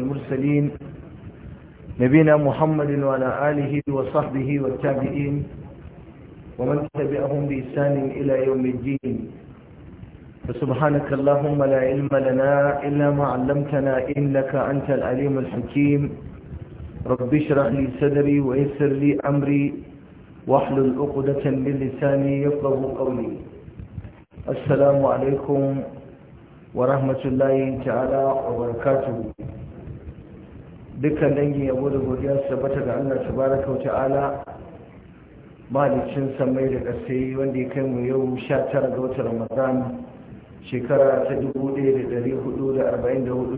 المرسلين نبينا محمد وعلى آله وصحبه والتابعين ومن تبعهم بإسان إلى يوم الدين فسبحانك اللهم لا علم لنا إلا ما علمتنا إنك أنت العليم الحكيم رب اشرح لي صدري ويسر لي أمري واحلل عقدة من لساني يفقه قولي السلام عليكم ورحمة الله تعالى وبركاته dukkan dangin yabo da godiya su tabbata ga Allah tabaraka kauta ala malicin samai da ƙasai wanda ya kai mu yau 19 ga watan Ramadan shekara ta 1444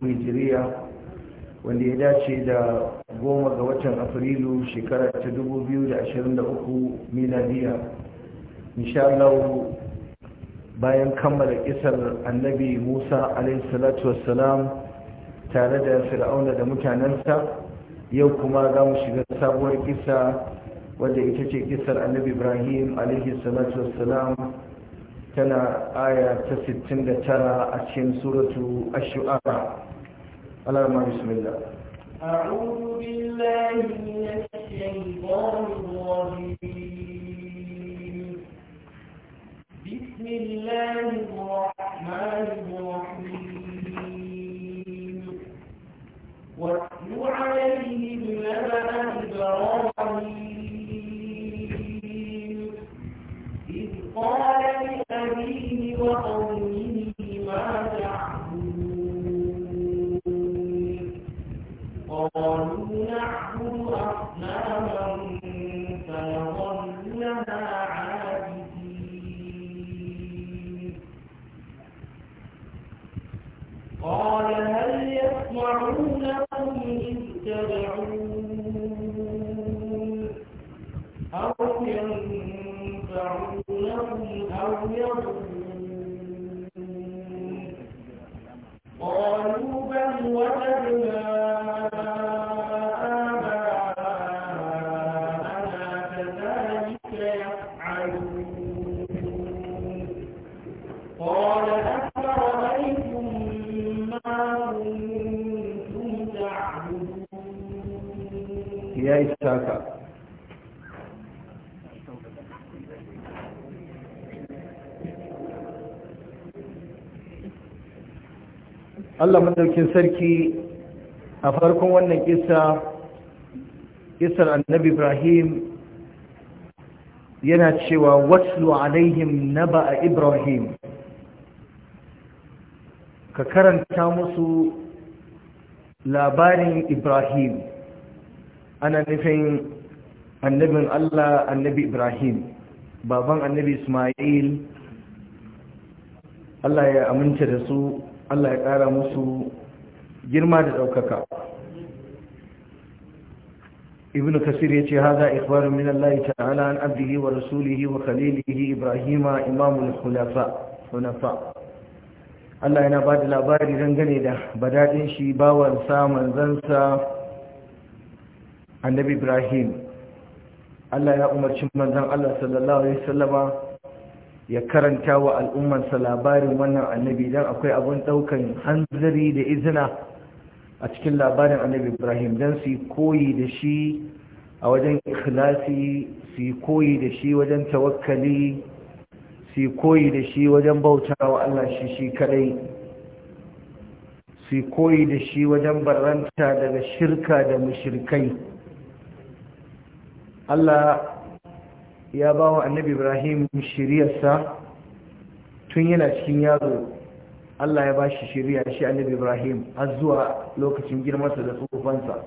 Hijiriya wanda ya dace da goma ga watan Afrilu shekara ta 2023 miladiya insha Allah bayan kammala kisar annabi Musa alaihi salatu wassalam tare da fir'auna da mutanensa yau kuma za mu shiga sabuwar kisa wadda ita ce kisar annabi ibrahim alaihi salatu wassalam tana aya ta 69 a cikin suratu ash-shu'ara Allah ma bismillah أعوذ بالله من الشيطان الرجيم بسم الله الرحمن الرحيم واتل عليهم نبأ إبراهيم إذ قال لأبيه وقومه ما تعبدون قالوا نعبد أصناما فنظل عابدين قال هل يسمعون sarki a farkon wannan kisa, kisar annabi ibrahim yana cewa watsu alaihim naba ibrahim ka karanta musu labarin ibrahim ana nufin annabin allah annabi ibrahim baban annabi ismail allah ya aminta da su allah ya ƙara musu girma da ɗaukaka ibn kasir ya ce haza ikbarin min Allah ta'ala an abdihi wa rasulihi wa khalilihi ibrahima imamul khulafa hunafa Allah yana ba da labari dangane da badadin shi zansa manzansa annabi ibrahim Allah ya umarci manzan Allah sallallahu alaihi wasallama ya karanta wa al'ummarsa labarin wannan annabi don akwai abin ɗaukan hanzari da izina a cikin labarin annabi ibrahim don su koyi da shi a wajen ikhlasi su koyi da shi wajen tawakkali su koyi da shi wajen bautawa allah shi shi kadai su koyi da shi wajen barranta daga shirka da mushirkai allah ya ba wa annabi ibrahim shiryarsa tun yana cikin yaro Allah ya ba shi shirya shi annabi Ibrahim har zuwa lokacin girmansa da tsofansa.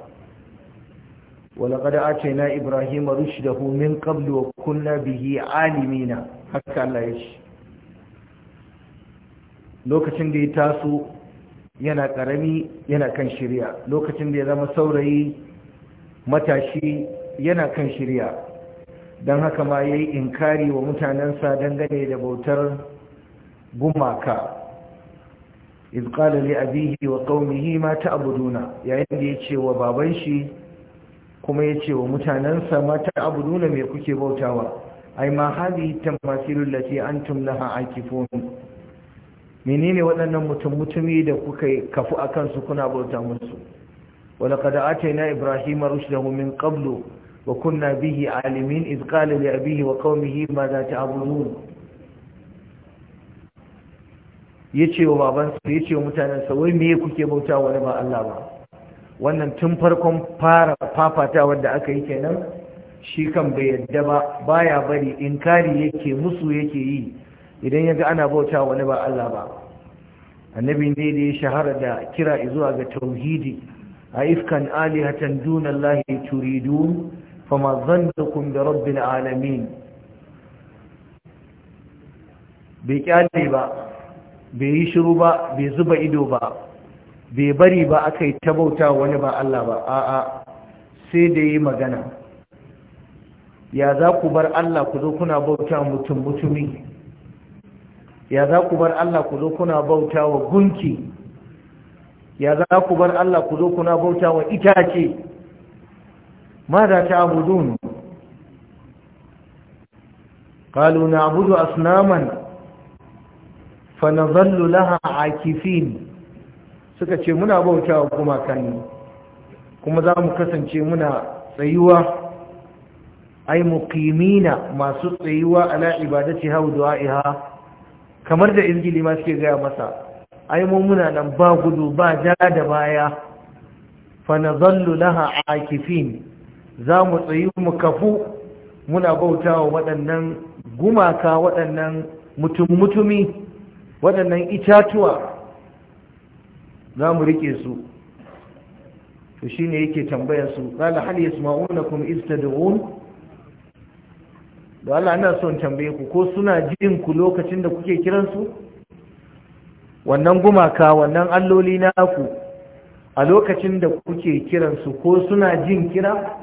a ce na Ibrahim a rushe da homin رشده wa kunna bihi alimina haka Allah ya shi. lokacin da ya taso yana karami yana kan shirya lokacin da ya zama saurayi matashi yana kan shirya don haka ma ya yi inkari wa mutanensa dangane da bautar gumaka iz qala li abihi wa qaumihi ma ta'buduna yayin da yace wa baban shi kuma yace wa mutanansa ma ta'buduna me kuke bautawa ai ma hadhihi tamathilu lati antum laha akifun menene waɗannan mutum da kuka kafu akan su kuna bauta musu wa laqad atayna ibrahima rushdahu min qablu wa kunna bihi alimin iz qala li abihi wa qaumihi ma za ya ce wa babansa ya ce wa mutanensa wai me kuke bauta wani ba Allah ba wannan tun farkon fara fafata da aka yi kenan shi kan bai yadda ba baya bari inkari yake musu yake yi idan ya ana bauta wani ba Allah ba annabi ne da ya shahara da kira zuwa ga tauhidi a ifkan alihatan dunallahi turidun fama zannukum da rabbil alamin bai kyale ba bai yi shiru ba bai zuba ido ba bai bari ba aka yi tabauta wani ba Allah ba a'a sai da yi magana ya za ku bar Allah ku zo kuna bauta mutum mutumi ya za ku bar Allah ku zo kuna bauta wa gunki ya za ku bar Allah ku zo kuna bauta wa itace ma za ta abudun قالوا نعبد أصناما fa nazallu laha akifin suka ce muna bautawa gumakan ne kuma za mu kasance muna tsayuwa ai muqimina masu tsayuwa ala ibadati ha du'aiha kamar da Ingili ma suke gaya masa ai mu muna nan ba gudu ba ja da baya fa nazallu laha akifin za mu tsayu mu kafu muna bautawa waɗannan gumaka waɗannan mutum mutumi waɗannan itatuwa za mu riƙe su to shi ne yake tambayar su ƙala hal ma'una kuma ista da Allah ana son tambaye ku ko suna jin ku lokacin da kuke kiran wannan gumaka wannan alloli na ku a lokacin da kuke kiransu ko suna jin kira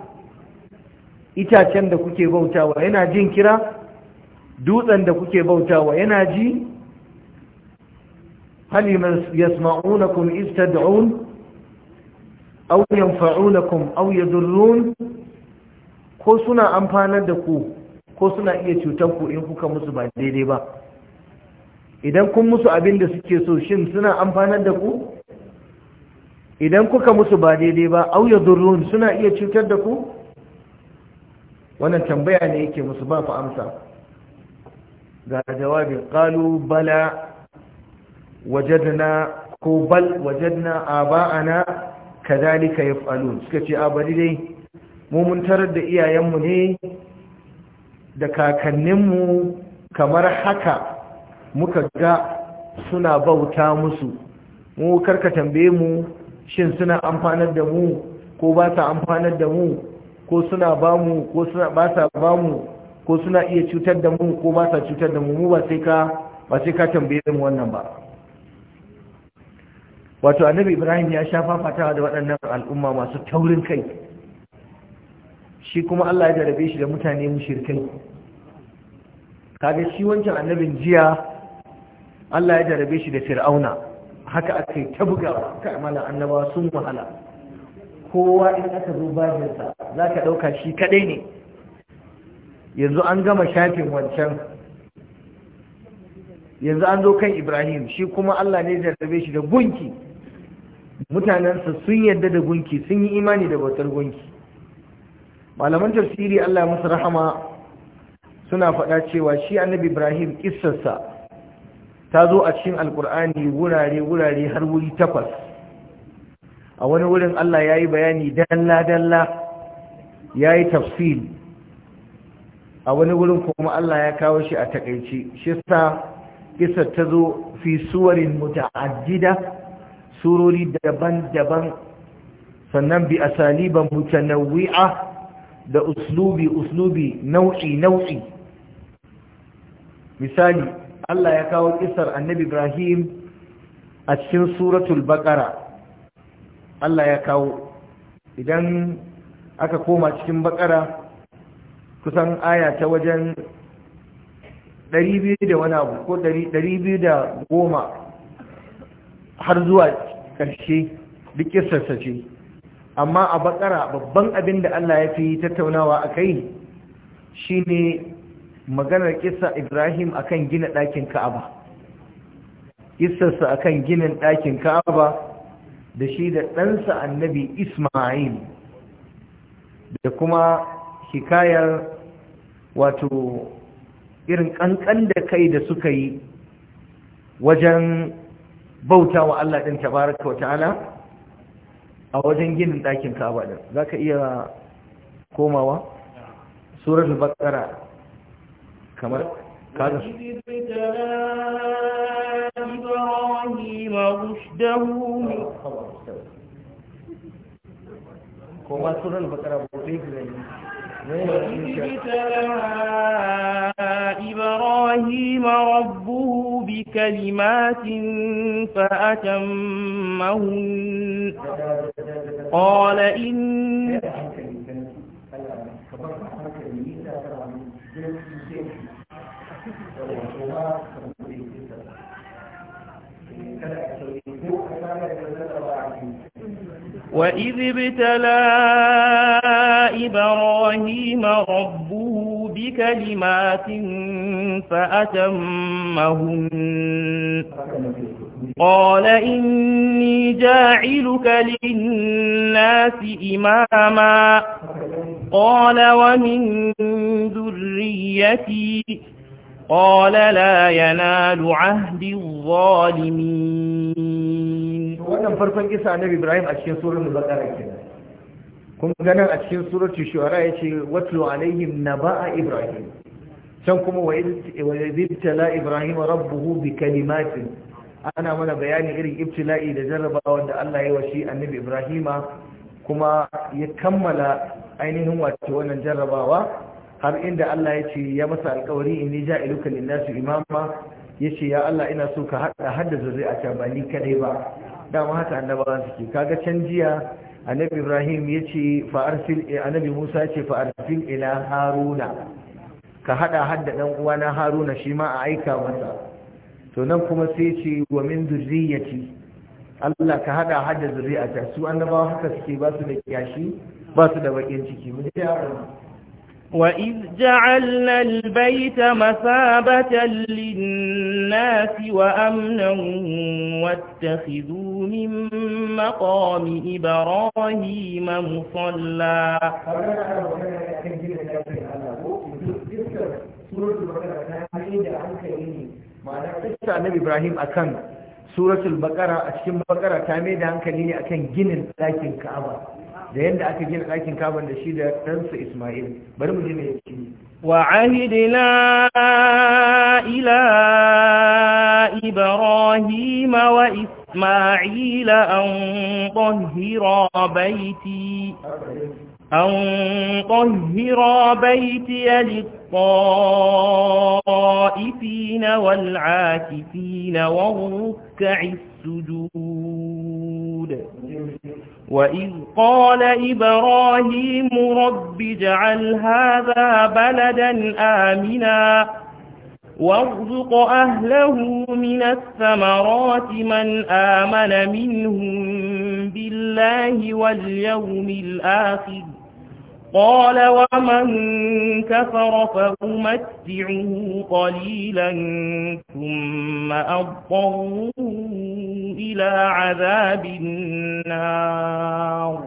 itacen da kuke bautawa yana jin kira dutsen da kuke bautawa yana ji هل يسمعونكم إذ تدعون أو ينفعونكم أو يضرون ko suna amfanar da ku ko suna iya cutar ku in kuka musu ba daidai ba idan kun musu abin da suke so shin suna amfanar da ku idan kuka musu ba daidai ba au yadurrun suna iya cutar da ku wannan tambaya ne yake musu ba fa amsa ga jawabin qalu bala wajadna ko bal wajadna aba'ana kadhalika yaf'alun suka ce bari dai mu mun tarar da iyayenmu ne da kakanninmu kamar haka muka ga suna bauta musu mu karka tambaye mu shin suna amfanar da mu ko ba sa amfanar da mu ko suna ba mu ko suna ba sa ba mu ko suna iya cutar da mu ko ba sa cutar da mu mu ba sai ka ba sai ka tambaye mu wannan ba wato annabi ibrahim ya sha fafatawa da waɗannan al'umma masu taurin kai shi kuma allah ya jarabe shi da mutane mushirkai kaga shi wancan annabin jiya allah ya jarabe shi da fir'auna haka aka yi ta bugawa ta amala annabawa sun wahala kowa in aka zo bajinsa za ka ɗauka shi kaɗai ne yanzu an gama shafin wancan yanzu an zo kan ibrahim shi kuma allah ne jarabe shi da gunki mutanensa sun yarda da gunki sun yi imani da bautar gunki malaman tafsiri Allah musu rahama suna faɗa cewa shi annabi Ibrahim ƙisarsa ta zo a cikin alkur'ani wurare wurare har wuri takwas a wani wurin Allah ya yi bayani dalla dalla ya yi tafsil a wani wurin kuma Allah ya kawo shi a takaici shi sa kissar ta zo fi suwarin muta'addida surori daban-daban sannan bi asaliban mutanawwi'a da uslubi uslubi nau'i nau'i misali Allah ya kawo kisar annabi Ibrahim a cikin suratul baqara Allah ya kawo idan aka koma cikin baqara kusan aya ta wajen 200 da wani abu ko 210 har zuwa ƙarshe duk ce amma a bakara babban abin da Allah ya fi tattaunawa a kai shi ne maganar ƙisa ibrahim akan gina ɗakin ka'aba ƙisarsa akan ginin ɗakin ka'aba da shi da ɗansa annabi ismail da kuma hikayar wato irin ƙanƙan da kai da suka yi wajen bauta wa Allah ɗin tabaraka wa ta'ala a wajen ginin ɗakin kaba ɗin za ka iya komawa suratul bakara kamar kaga koma suratul baqara bude yi. وإذ إبراهيم ربه بكلمات فأتمهن قال إن وإذ ابتلى إبراهيم ربه بكلمات فأتمهن قال إني جاعلك للناس إماما قال ومن ذريتي قال لا ينال عهد الظالمين wannan farkon kisa annabi Ibrahim a cikin surar Al-Baqara kun ga a cikin suratul shu'ara yace watlu alaihim naba'a Ibrahim can kuma wa ibtala Ibrahim rabbuhu bi kalimatin ana mana bayani irin ibtila'i da jarrabawa da Allah ya washi annabi Ibrahima kuma ya kammala ainihin wato wannan jarrabawa har inda Allah ya ce ya masa alƙawari in ni ja'iluka lin-nasi imama yace ya Allah ina so ka hada hadda a ta ba ni kadai ba dama haka annabawan suke kaga can jiya annabi Ibrahim yace fa arsil eh, annabi Musa yace fa arsil ila Haruna ka hada hadda dan uwana Haruna shi ma a aika masa to nan kuma sai yace wa min dhurriyyati Allah ka hada hadda a ta su annabawa haka suke ba su da kiyashi ba su da bakin ciki mun ji وإذ جعلنا البيت مثابة للناس وأمنا واتخذوا من مقام إبراهيم مصلى annabi Ibrahim akan suratul baqara a cikin baqara ta mai da hankali ne akan ginin ɗakin Ka'aba da yadda aka gina ɗakin kaban da shi da ɗansa Ismail bari mu ji me yake وعهدنا إلى إبراهيم وإسماعيل أن طهرا بيتي أن طهرا بيتي للطائفين والعاكفين والركع السجود وإذ قال إبراهيم رب اجعل هذا بلدا آمنا وارزق أهله من الثمرات من آمن منهم بالله واليوم الآخر قال ومن كفر فأمتعه قليلا ثم أضطره إلى عذاب النار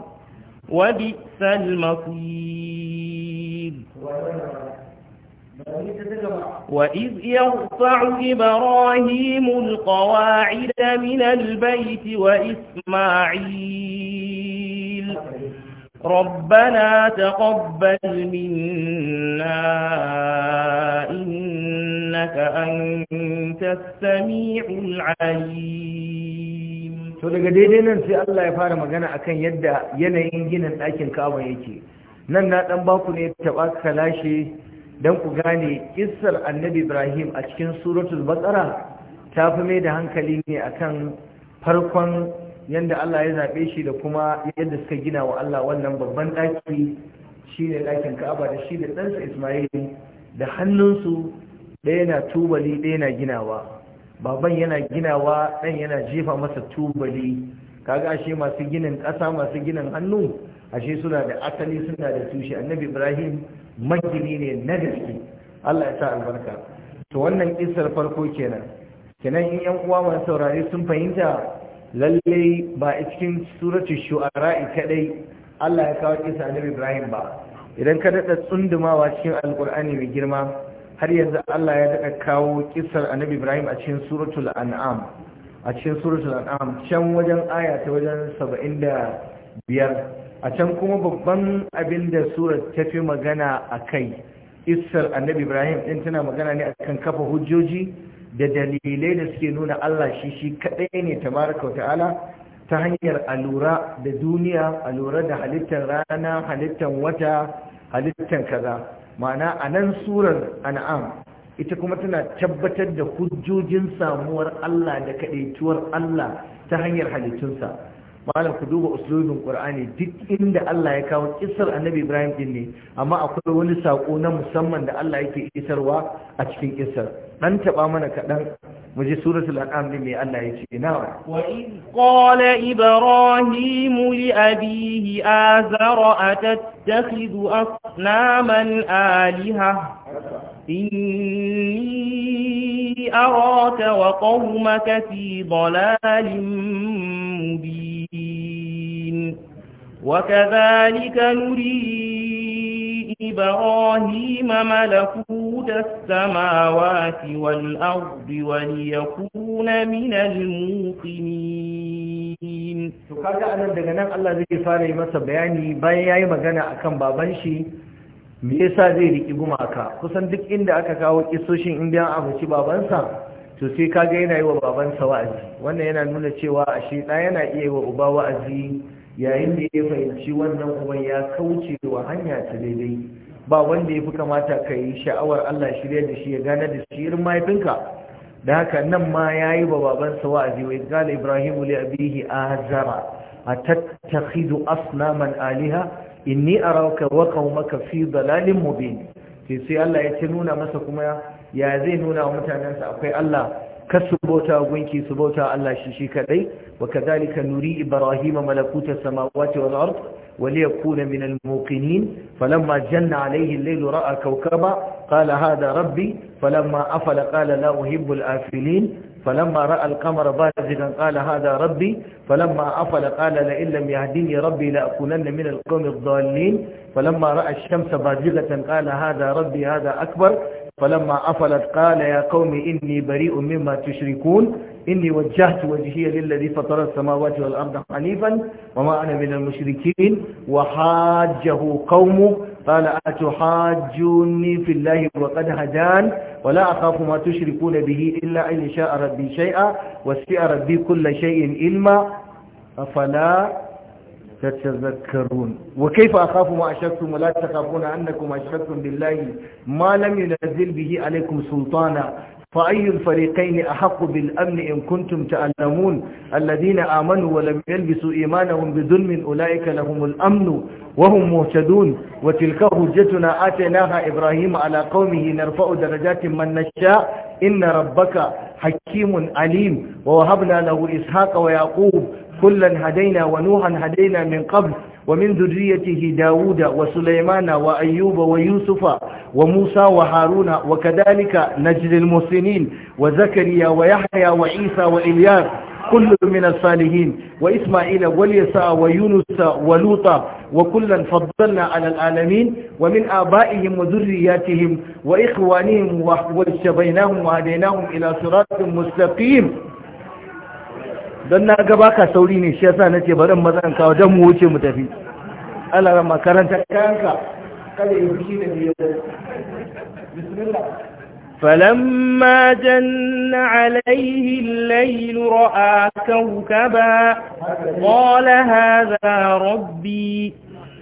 وبئس المصير وإذ يرفع إبراهيم القواعد من البيت وإسماعيل ربنا تقبل منا إنك أنت السميع العليم to daga daidai nan sai Allah ya fara magana akan yadda yanayin ginin ɗakin Ka'aba yake nan na dan baku ne taɓa kalashe dan ku gane kissar Annabi Ibrahim a cikin suratul Baqara ta fi mai da hankali ne akan farkon yanda Allah ya zaɓe shi da kuma yadda suka gina wa Allah wannan babban ɗaki shi ne ɗakin ka'aba da shi da ɗansa Ismail da hannunsu ɗaya na tubali ɗaya na ginawa baban yana ginawa ɗan yana jefa masa tubali kaga ashe masu ginin ƙasa masu ginin hannu ashe suna da asali suna da tushe annabi Ibrahim magini ne na gaske Allah ya sa albarka to wannan kisar farko kenan kenan in yan uwa masu saurare sun fahimta lalle ba a cikin suratun shu'ara kadai Allah ya kawo kisa annabi Ibrahim ba idan ka dada tsundumawa cikin alkur'ani mai girma har yanzu Allah ya dada kawo kisar annabi Ibrahim a cikin suratul an'am a cikin suratul an'am can wajen aya ta wajen 75 a can kuma babban abin da surar ta fi magana a kai isar annabi Ibrahim din tana magana ne akan kafa hujjoji da dalilai da suke nuna Allah shi shi kadai ne tabaraka wa ta'ala ta hanyar alura da duniya alura da halittar rana halittar wata halittar kaza ma'ana a nan surar an'am ita kuma tana tabbatar da hujjojin samuwar Allah da kaɗaituwar Allah ta hanyar halittunsa malam ku duba uslubin qur'ani duk inda Allah ya kawo kissar annabi Ibrahim din ne amma akwai wani sako na musamman da Allah yake isarwa a cikin ƙisar. dan taba mana kadan mu ji suratul an'am din me Allah yake ina wa in qala ibrahim li abihi azara atattakhidhu asnaman aliha inni أراك وقومك في ضلال مبين وكذلك نري إبراهيم ملكوت السماوات والأرض وليكون من الموقنين kaga anan daga nan Allah zai fara yi masa bayani bayan yayi magana akan baban shi me yasa zai riki gumaka kusan duk inda aka kawo kisoshin indiyan abinci babansa to sai ga yana yi wa babansa wa'azi wannan yana nuna cewa a shi yana iya yi wa uba wa'azi yayin da ya fahimci wannan uban ya kauce wa hanya ta daidai ba wanda ya fi kamata ka yi sha'awar Allah shirya da shi ya gane da shi irin mahaifinka da haka nan ma ya yi wa babansa wa'azi wai gala ibrahimu li abihi azara a tattakhidu asnaman aliha inni arauka wa qaumaka fi zalalin mubin sai sai Allah ya ce nuna masa kuma ya zai nuna wa mutanensa akwai Allah kasu bauta gunki su bauta Allah shi shi kadai wa kadhalika nuri ibrahima malakuta samawati wal ard وليكون من الموقنين فلما جن عليه الليل رأى كوكبا قال هذا ربي فلما أفل قال لا أهب الآفلين فلما رأى القمر بازغا قال هذا ربي فلما أفل قال لئن لم يهديني ربي لأكونن من القوم الضالين فلما رأى الشمس بازغة قال هذا ربي هذا أكبر فلما أفلت قال يا قوم إني بريء مما تشركون إني وجهت وجهي للذي فطر السماوات والأرض حنيفا وما أنا من المشركين وحاجه قومه قال أتحاجوني في الله وقد هدان ولا أخاف ما تشركون به إلا أن شاء ربي شيئا وسع ربي كل شيء إلما أفلا تتذكرون وكيف أخاف ما أشركتم ولا تخافون أنكم أشركتم بالله ما لم ينزل به عليكم سلطانا فأي الفريقين أحق بالأمن إن كنتم تعلمون الذين آمنوا ولم يلبسوا إيمانهم بظلم أولئك لهم الأمن وهم مهتدون وتلك هجتنا آتيناها إبراهيم على قومه نرفع درجات من نشاء إن ربك حكيم عليم ووهبنا له إسحاق ويعقوب كلا هدينا ونوحا هدينا من قبل ومن ذريته داود وسليمان وأيوب ويوسف وموسى وهارون وكذلك نجد المسنين وزكريا ويحيى وعيسى وإلياس كل من الصالحين وإسماعيل واليساء ويونس ولوطا وكلا فضلنا على العالمين ومن آبائهم وذرياتهم وإخوانهم وشبيناهم وهديناهم إلى صراط مستقيم don na ga baka sauri ne shi yasa nace bari mu zan kawo dan mu wuce mu tafi Allah ran makaranta kanka kada yi fushi da biyo bismillah فلما جن عليه الليل رأى كوكبا قال هذا ربي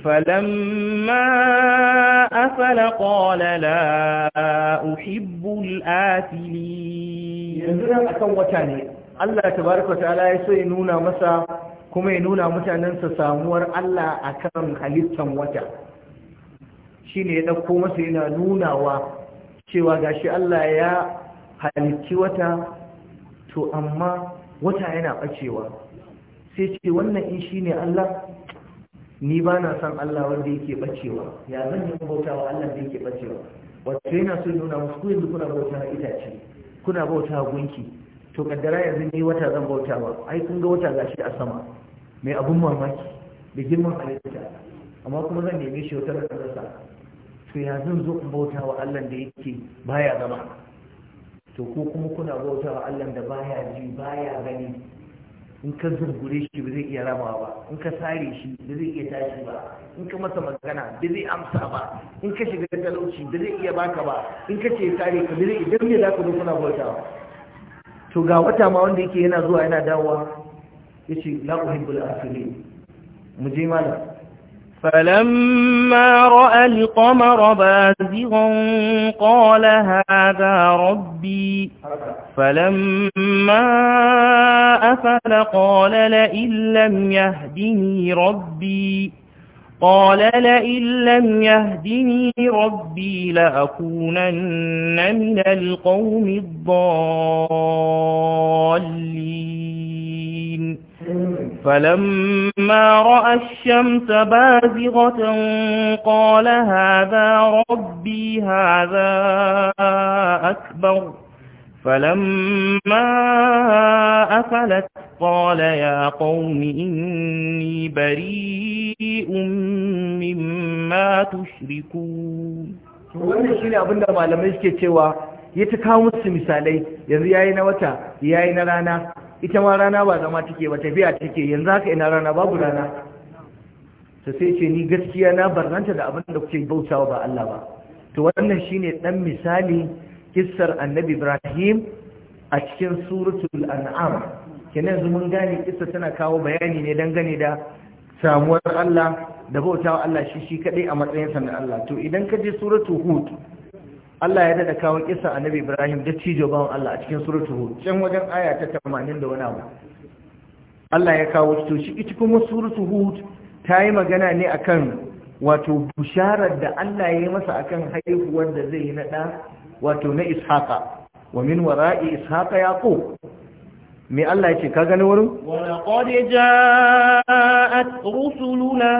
فلما أفل قال لا أحب الآفلين Allah ta ta'ala ya so ya nuna masa kuma ya nuna mutanensa samuwar Allah akan halittan wata Shi ne ya ɗauko masa yana nunawa cewa gashi Allah ya halitti wata to amma wata yana ɓacewa sai ce wannan in shi ne Allah ni ba na san Allah wanda yake ɓacewa. ya zan yi bauta wa Allah da yake ɓacewa? Wata yana so nuna musu ku kuna bauta itace kuna bauta gunki to kaddara yanzu ni wata zan bautawa ai kun ga wata gashi a sama mai abun mamaki da girman halitta amma kuma zan nemi shi wata sa to ya zan zo in bautawa Allah da yake baya zama to ko kuma kuna bautawa Allah da baya ji baya gani in ka zungure shi ba zai iya ramawa ba in ka sare shi ba zai iya tashi ba in ka masa magana ba zai amsa ba in ka shiga talauci ba zai iya baka ba in ka ce sare ka ba zai iya me za ka zo kuna bautawa to ga wata ma wanda yake yana zuwa yana dawowa yace la uhibbul afilin muje je falamma ra'a al-qamara bazighan qala هذا rabbi falamma afala qala la illam yahdini rabbi قال لئن لم يهدني ربي لأكونن من القوم الضالين فلما رأى الشمس بازغة قال هذا ربي هذا أكبر فلما أفلت قال يا قوم إني بريء مما تشركون wannan shine abin da malamai suke cewa ya ta kawo musu misalai yanzu yayi na wata yayi na rana ita ma rana ba zama take ba tafiya take yanzu haka ina rana babu rana to sai ce ni gaskiya na barnanta da abin da kuke bautawa ba Allah ba to wannan shine dan misali kissar annabi ibrahim a cikin suratul an'am kenan yanzu mun gane kissa tana kawo bayani ne dangane da samuwar Allah da bautawa Allah shi shi kadai a matsayin sa na Allah to idan ka je suratul hud Allah ya dada kawo kissa annabi ibrahim da cijo bawan Allah a cikin suratul hud can wajen aya ta 80 da wani abu Allah ya kawo to shi ita kuma suratul hud ta yi magana ne akan wato bisharar da Allah ya yi masa akan haihuwar da zai yi na ɗa wato na ishaqa wa min wara'i ishaqa yaqub me Allah yake ka gani wurin walaqad ja'at rusuluna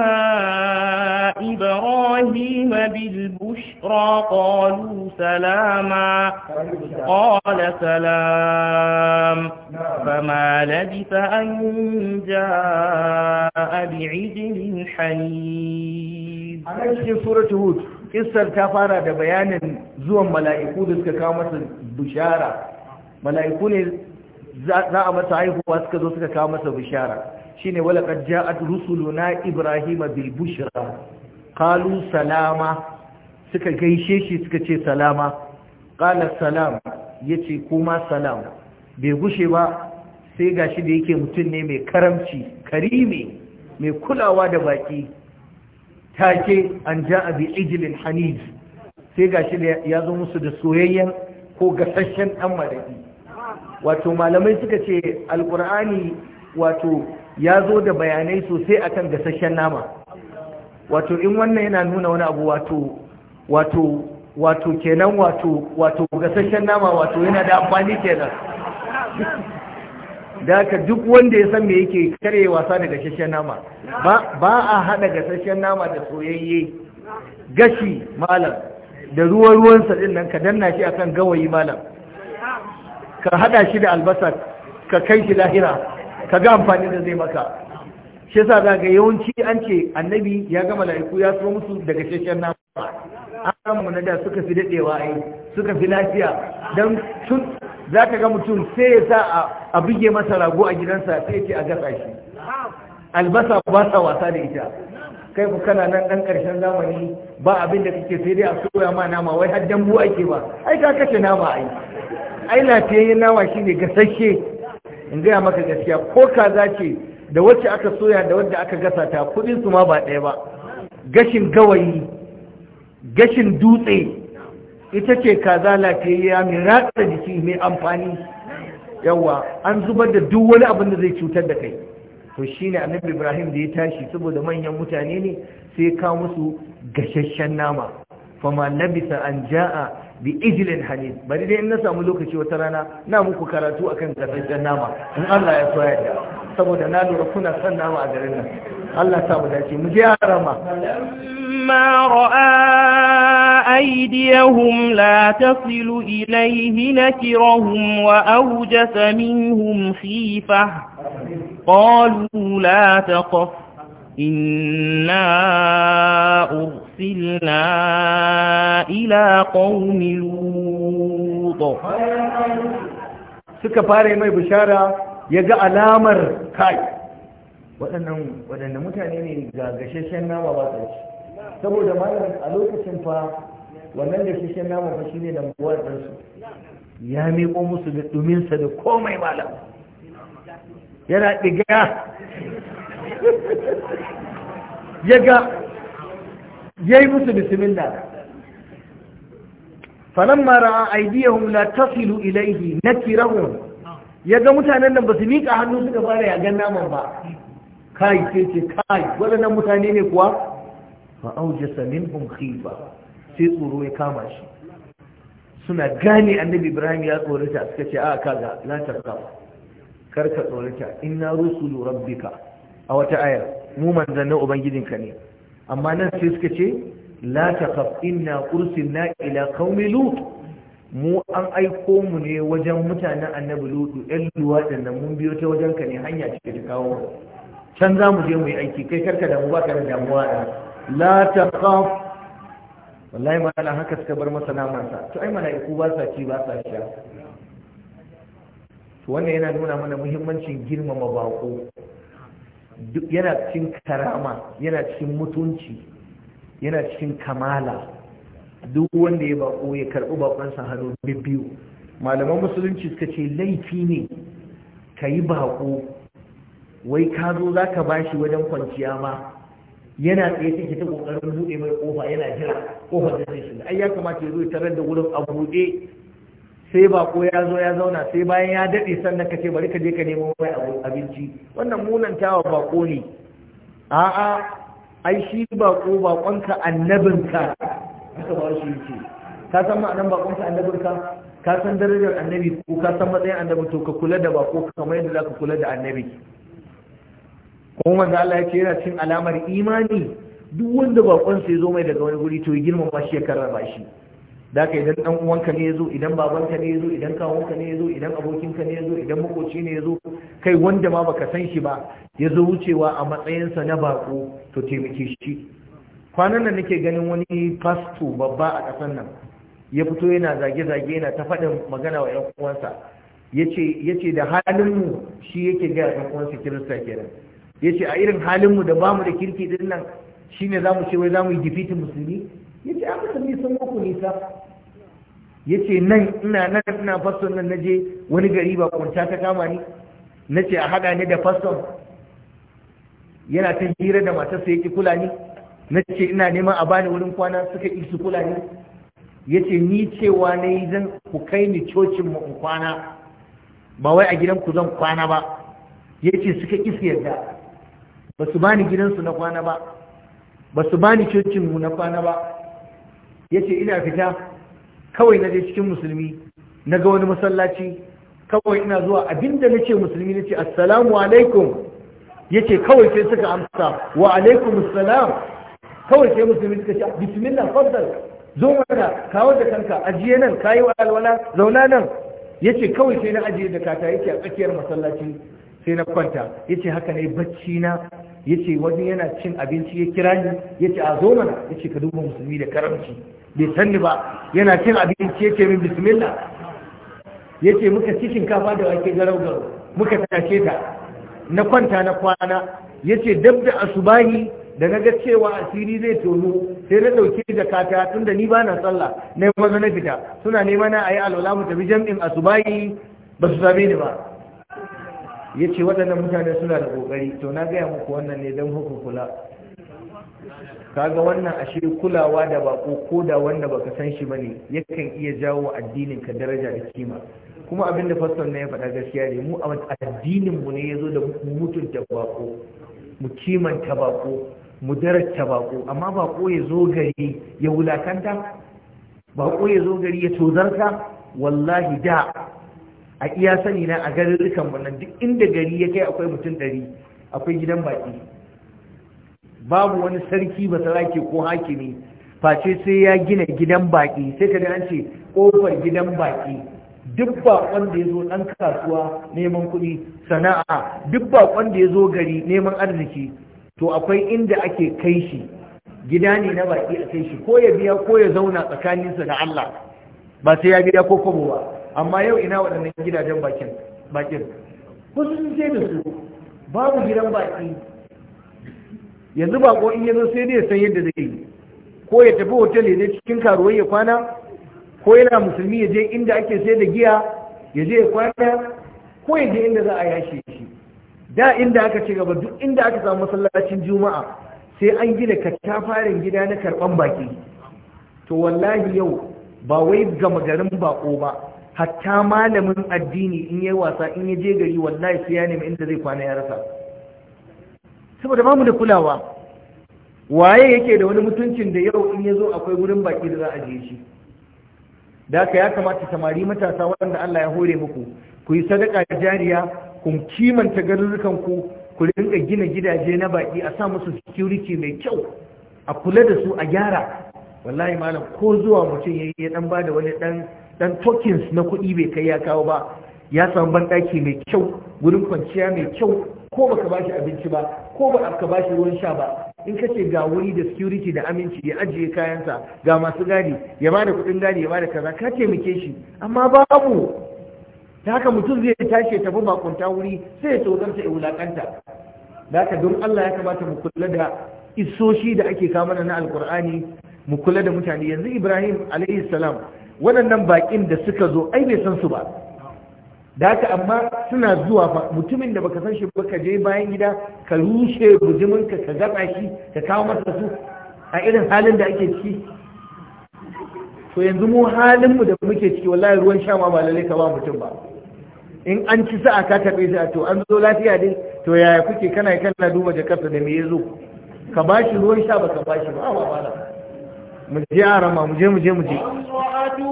ibrahim bil bushra qalu salama qala salam fama labitha an ja'a bi'ijlin hanif anan cikin suratul hud kissar ta fara da bayanin zuwan mala'iku da suka kawo masa bishara mala'iku ne za a masa haihuwa suka zo suka kawo masa bishara shine wala qad ja'at rusuluna ibrahima bil bushra qalu salama suka gaishe shi suka ce salama qala salam yace kuma salam bai gushe ba sai gashi da yake mutum ne mai karamci Karime mai kulawa da baki take an ja'a bi ijlin hanif sai gashi ya zo musu da soyayyen ko gasashen dan madadi wato malamai suka ce alqur'ani wato ya zo da bayanai sosai akan gasashen nama wato in wannan yana nuna wani abu wato wato wato kenan wato wato gasashen nama wato yana da amfani kenan da duk wanda ya san me yake kare wasa da gasasshen nama ba a haɗa gasasshen nama da soyayye gashi malam da ruwan ruwan sadin nan ka danna shi akan gawayi malam ka haɗa shi da albasa ka kai shi lahira ka ga amfani da zai maka shi yasa za ga yawanci an ce annabi ya gama mala'iku ya so musu da gasasshen nama an samu na da suka fi daɗewa ai suka fi lafiya don tun za ka ga mutum sai ya sa a a buge masa rago a gidansa sai ce a gasa shi albasa ba sa wasa da ita kai ku kana nan dan karshen zamani ba abin da kake sai dai a soya ma nama wai har dambu ake ba ai ka kashe nama ai ai lafiyayyen nama shine gasashe. in gaya maka gaskiya ko kaza ce da wacce aka soya da wadda aka gasa ta kudin su ma ba ɗaya ba gashin gawayi gashin dutse ita ce kaza lafiyayya mai ratsa jiki mai amfani yawa an zubar da duk wani abin da zai cutar da kai to shine annabi ibrahim da ya tashi saboda manyan mutane ne sai ka musu gashashen nama fama labisa an ja'a bi ijlin hanif bari dai in na samu lokaci wata rana na muku karatu akan gasasshen nama in Allah ya so yadda saboda na lura kuna son nama a garin nan Allah sa mu dace mu je harama ma ra'a aydiyahum la tasilu ilayhi nakirahum wa awjasa minhum khifah qalu la taqaf inna ursilna ila قوم lut suka fara mai bishara ya ga alamar kai waɗannan waɗannan mutane ne ga gashashen nama ba ta shi saboda malam a lokacin fa wannan gashashen nama fa shine da buwar su ya miƙo musu da ɗuminsa da komai malam yana ɗiga ya ga ya yi musu bismillah falamma ra'a aydiyahum la tasilu ilaihi nakirahum ya ga mutanen nan ba su miƙa hannu suka fara ga naman ba kai sai ce kai waɗannan mutane ne kuwa fa aujasa minhum khifa sai tsoro ya kama shi suna gane annabi ibrahim ya tsorata suka ce a kaga la tarka karka tsorata inna rusulu rabbika a wata ayar mu manzannin ubangijinka ne amma nan sai suka ce la taqaf inna ursilna ila qaumi lut mu an aiko mu ne wajen mutanen annabi lutu ɗan luwaɗin nan mun biyo ta wajen ka ne hanya cike ta kawo can za mu je mu yi aiki kai karka damu ba ka da damuwa da la taqaf wallahi ma ana haka suka bar masa naman sa to ai mala'iku ba sa ci ba sa sha wannan yana nuna mana muhimmancin girmama bako yana cikin karama yana cikin mutunci yana cikin kamala duk wanda ya bako ya karɓi bakonsa hannu biyu malaman musulunci suka ce laifi ne ka yi bako wai ka zo za ka ba shi wajen kwanciya ma yana tsaye take ta kokarin buɗe mai kofa yana jira kofar da zai shiga ai ya kamata ya zo tarar da wurin a buɗe sai ba ko ya zo ya zauna sai bayan ya daɗe sannan ka ce bari ka je ka nemo mai abinci wannan munan munantawa bako ne a'a ai shi bako bakonka annabinka aka ba shi yake ka san ma'anar bakonka annabinka ka san darajar annabi ko ka san matsayin annabi to ka kula da bako kamar yadda zaka kula da annabi kuma manzo Allah ya ce yana cin alamar imani duk wanda bakon sai zo mai daga wani guri to ya girmama shi ya karrama shi da ka idan dan uwanka ne yazo idan babanka ne yazo idan kawunka ne yazo idan abokinka ne yazo idan makoci ne yazo kai wanda ma baka san shi ba yazo wucewa a matsayinsa na bako to taimake shi kwanan nan nake ganin wani fasto babba a ƙasar nan ya fito yana zage-zage yana ta faɗin magana wa 'yan uwansa yace yace da mu shi yake ga 'yan uwansa kirista kenan yace a irin halin mu da bamu da kirki din nan shine za ce wai zamu mu yi gifiti musulmi ya ce an da nisan muku nisa ya ce nan ina nan ina faston nan na je wani gari ba kwanta ta kama ni na ce a haɗa ni da faston yana ta hira da matarsa yake kula ni na ce ina neman a bani wurin kwana suka isu kula ni ya ce ni cewa na yi zan ku kai ni cocin mu in kwana ba wai a gidan ku zan kwana ba ya ce suka isu yadda.' ba su bani gidansu na kwana ba ba su bani cocin mu na kwana ba ya ce ina fita kawai na je cikin musulmi na ga wani masallaci kawai ina zuwa abinda na ce musulmi na ce assalamu alaikum ya ce kawai sai suka amsa wa alaikum assalam kawai sai musulmi suka ce bismillah fadal zo mana kawo da kanka ajiye nan kayi wa alwala zauna nan ya ce kawai sai na ajiye da kata yake a tsakiyar masallaci sai na kwanta ya ce haka ne bacci na ya ce wani yana cin abinci ya kira ni ya ce a zo mana ya ce ka duba musulmi da karamci bai sanni ba yana cin abinci ya ce min bismillah ya ce muka ci shinkafa da wake garau garau muka tashe ta na kwanta na kwana ya ce dab da asubahi da na ga cewa asiri zai tono sai na ɗauki jakata tun da ni ba na sallah na mazo na fita suna nema na a yi alwala mu tafi jam'in asubahi ba su same ni ba ya ce waɗannan mutane suna da kokari to na gaya muku wannan ne don hukun kula kaga wannan ashe kulawa da bako ko da wanda baka san shi bane yakan iya jawo addinin ka daraja da kima kuma abin da na ya faɗa gaskiya ne mu addinin mu ne yazo da mutunta bako mu kimanta bako mu daraja bako amma bako ya zo gari ya wulakanta bako ya zo gari ya tozarta wallahi da a iya sani na a garin rikan wannan duk inda gari ya kai akwai mutum ɗari akwai gidan baki babu wani sarki ba sarake ko hakimi face sai ya gina gidan baki sai ka an ce kofar gidan baki duk bakon da ya zo ɗan kasuwa neman kuɗi sana'a duk bakon da ya zo gari neman arziki to akwai inda ake kai shi gida ne na baki a kai shi ko ya biya ko ya zauna tsakaninsa da Allah ba sai ya biya ko kwabo ba amma yau ina waɗannan gidajen bakin bakin sai da su babu gidan baki yanzu ba ko in yazo sai ya san yadda zai yi ko ya tafi hotel ya je cikin karuwai ya kwana ko yana musulmi ya je inda ake sai da giya ya je ya kwana ko ya je inda za a yashe shi da inda aka ci gaba duk inda aka samu masallacin juma'a sai an gina kattafarin gida na karban baki to wallahi yau ba wai gama garin bako ba hatta malamin addini in yayi wasa in ya je gari wallahi sai ya nemi inda zai kwana ya rasa saboda ba mu da kulawa waye yake da wani mutuncin da yau in ya zo akwai wurin baki da za a je shi da haka ya kamata samari matasa wanda Allah ya hore muku ku yi sadaka jariya ku kimanta garurukan ku ku rinka gina gidaje na baki a sa musu security mai kyau a kula da su a gyara wallahi malam ko zuwa mutum ya yi dan bada wani dan dan tokens na kuɗi bai kai ya kawo ba ya samu banɗaki mai kyau gurin kwanciya mai kyau ko baka ba shi abinci ba ko ba ka ba shi ruwan sha ba in ka ce ga wuri da security da aminci ya ajiye kayansa ga masu gadi ya ba da kuɗin gadi ya ba da kaza ka taimake shi amma babu ta haka mutum zai tashi ya tafi bakunta wuri sai ya tsotsarta ya wulakanta da haka don Allah ya kamata mu kula da isoshi da ake kama na alkur'ani mu kula da mutane yanzu ibrahim alayhi salam waɗannan baƙin da suka zo ai bai san su ba da haka amma suna zuwa fa mutumin da baka san shi ba ka je bayan gida ka rushe bujimin ka ka gaba shi ka kawo masa su a irin halin da ake ciki to yanzu mu halin mu da muke ciki wallahi ruwan sha ma ba lalle ka ba mutum ba in an ci sa'a ka tabe shi to an zo lafiya dai to yaya kuke kana kana duba jakarta da me yazo ka bashi ruwan sha ba ka bashi ba ba ba مجي عرما مجي مجي مجي je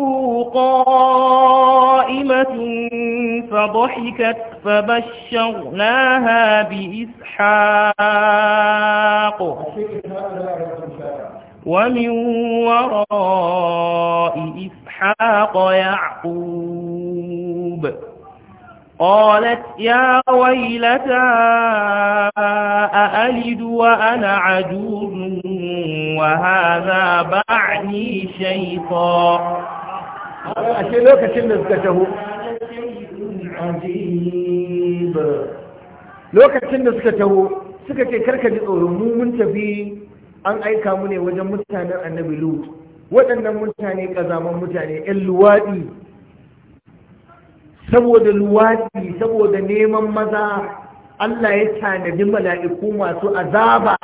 قائمة فضحكت فبشرناها بإسحاق ومن وراء إسحاق يعقوب قالت يا ويلتا أألد وأنا عجوز وهذا بعني شيطا أشياء لك تنزكته lokacin da suka taho suka ce karka ji tsoron mu mun tafi an aika mu ne wajen mutanen annabi lut waɗannan mutane ƙazaman mutane 'yan luwaɗi saboda luwaɗi saboda neman maza Allah ya tanadi mala'iku masu azaba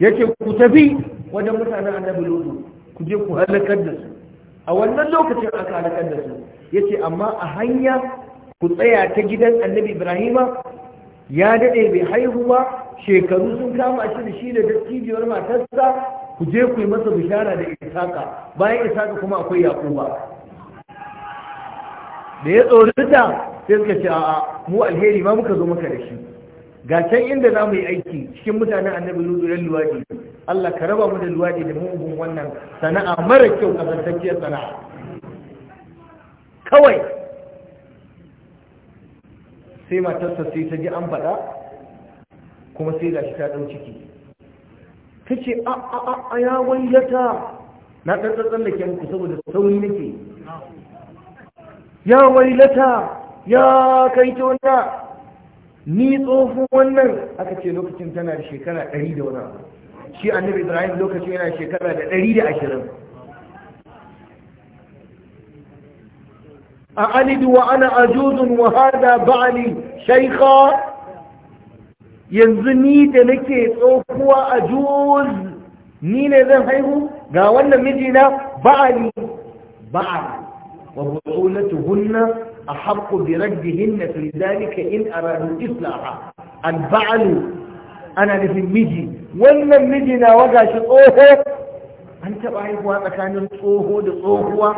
yake ku tafi wajen mutanen annabi lulu ku je ku halakar da su a wannan lokacin aka halakar da su yace amma a hanya ku tsaya ta gidan annabi ibrahima ya daɗe bai haihuwa shekaru sun kama shi da shi da dattijiyar matarsa ku je ku yi masa bishara da isaka bayan isaka kuma akwai yakuba da ya tsorita sai suka ce a'a mu alheri ma muka zo maka da shi ga can inda za mu yi aiki cikin mutanen annabi lutu yan luwaɗi Allah ka raba mu da luwaɗi da mugun wannan sana'a mara kyau a zantakiyar sana'a kawai sai matarsa sai ta ji an faɗa kuma sai gashi ta ɗau ciki ta ce a a a ya wailata na ɗan tsatsan da ke muku saboda sauri nake ya wailata ya kai tona ni tsohon wannan aka ce lokacin tana da shekara ɗari da wani abu shi annabi ibrahim lokacin yana shekara da ɗari da ashirin a alidu wa ana ajuzun wa hada ba'ali shaikha yanzu ni da nake tsohuwa ajuz ni ne zan haihu ga wannan mijina ba'ali ba'ali وبطولتهن أحق بردهن في ذلك إن أرادوا إصلاحا البعل أنا نفي ميجي ولا ميجي ناوغا شطوه أنت بعيبوا مكان صوه لصوهوا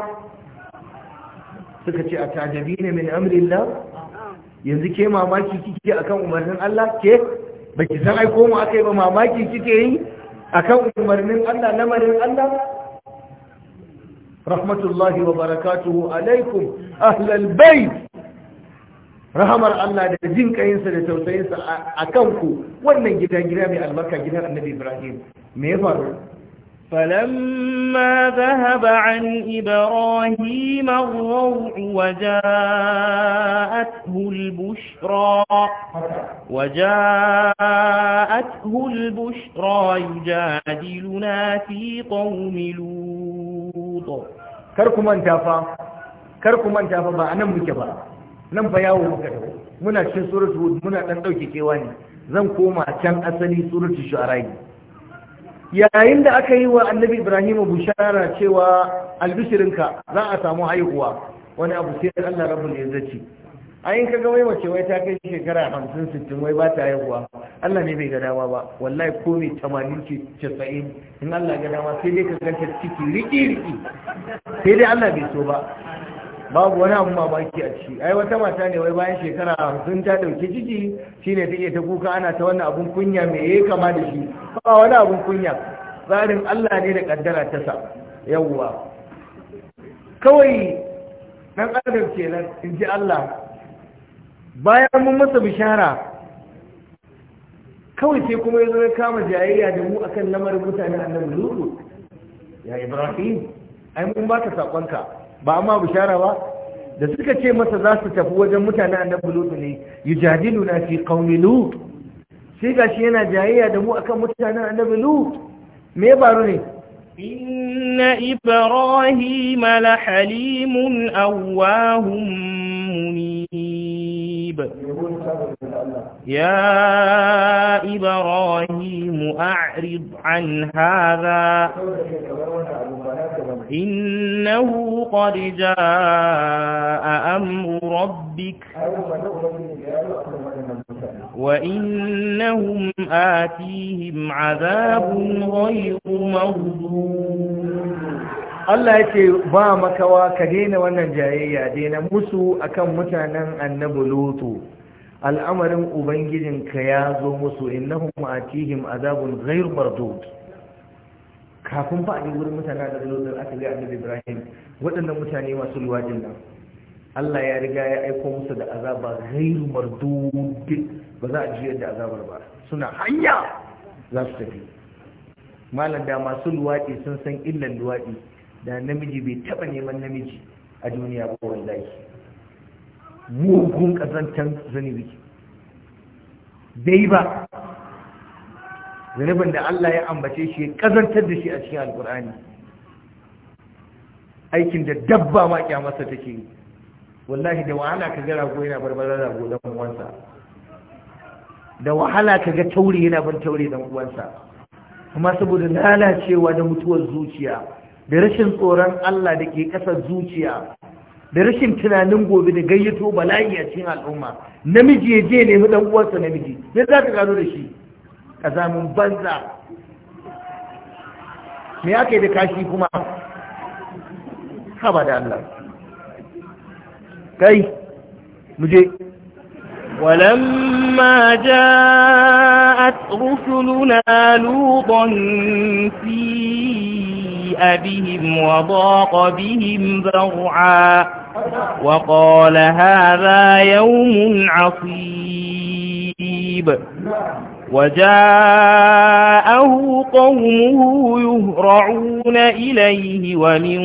سكتي أتعجبين من أمر الله yanzu ke mamaki kike akan umarnin Allah ke baki san aiko mu akai ba mamaki kike yi akan umarnin Allah lamarin Allah رحمة الله وبركاته عليكم أهل البيت رحمة الله لذين كينسا لتوتينسا أكمكو ولن جدا جرامي البركة جدا النبي إبراهيم ميفر فلما ذهب عن إبراهيم الروع وجاءته البشرى وجاءته البشرى يجادلنا في قوم لوط kar ku manta fa kar manta fa ba anan muke ba nan fa yawo muka dawo muna cikin suratul hud muna dan dauke kewa ne zan koma can asali suratul shu'ara yayin da aka yi wa annabi ibrahim bushara cewa albishirinka za a samu haihuwa wani abu sai Allah rabbul izzati ayin ka ga wai mace wai ta kai shekara hamsin sittin wai ba ta haihuwa Allah ne bai ga ba wallahi ko mai tamanin ce casa'in in Allah ga dama sai dai ka ganta ciki riki riki sai dai Allah bai so ba babu wani abu mamaki a ciki ai wata mata ne wai bayan shekara hamsin ta dauki ciki shine take ta kuka ana ta wannan abun kunya mai yayi kama da shi ba wani abun kunya tsarin Allah ne da kaddara ta sa yawwa kawai dan adam kenan in ji Allah bayan mun masa bishara kawai sai kuma ya zo ya kama jayayya da mu akan lamarin a nan lutu ya ibrahim ai mun ba ta sakonka ba amma bishara ba da suka ce masa za su tafi wajen a nan lutu ne na fi qaumi lut sai gashi yana jayayya da mu akan mutanen nan lut me ya faru ne إن إبراهيم لحليم أواه منيب يا إبراهيم أعرض عن هذا إنه قد جاء أمر ربك وإنهم آتيهم عذاب غير مردود Allah ya ce ba makawa ka daina wannan jayayya daina musu akan mutanen annabi lutu al'amarin ubangijinka ya zo musu innahum atihim azabun ghair mardud kafin fa ne wurin mutanen annabi lutu aka ga annabi Ibrahim waɗannan mutane masu luwajin nan Allah ya riga ya aiko musu da azaba ghair mardud ba za a ji yadda azabar ba suna hanya za su tafi malam da masu luwaɗi sun san illan luwaɗi da namiji bai taɓa neman namiji a duniya ba wallahi mugun ƙazantar zunubi dai ba zunubin da Allah ya ambace shi ya ƙazantar da shi a cikin alƙur'ani aikin da dabba ma kyamarsa take wallahi da wahala ka gara ko yana barbarar rago godon wansa. da wahala ka ga taure yana bin taure dan uwansa kuma saboda lalacewa da mutuwar zuciya da rashin tsoron Allah da ke ƙasar zuciya da rashin tunanin gobe da gayyato bala'i a cikin al'umma namiji ya je nemi dan uwansa namiji sai za ka gano da shi kazamin banza me aka yi da kashi kuma haba da Allah kai muje ولما جاءت رسلنا لوطا سيء بهم وضاق بهم ذرعا وقال هذا يوم عصيب وجاءه قومه يهرعون إليه ومن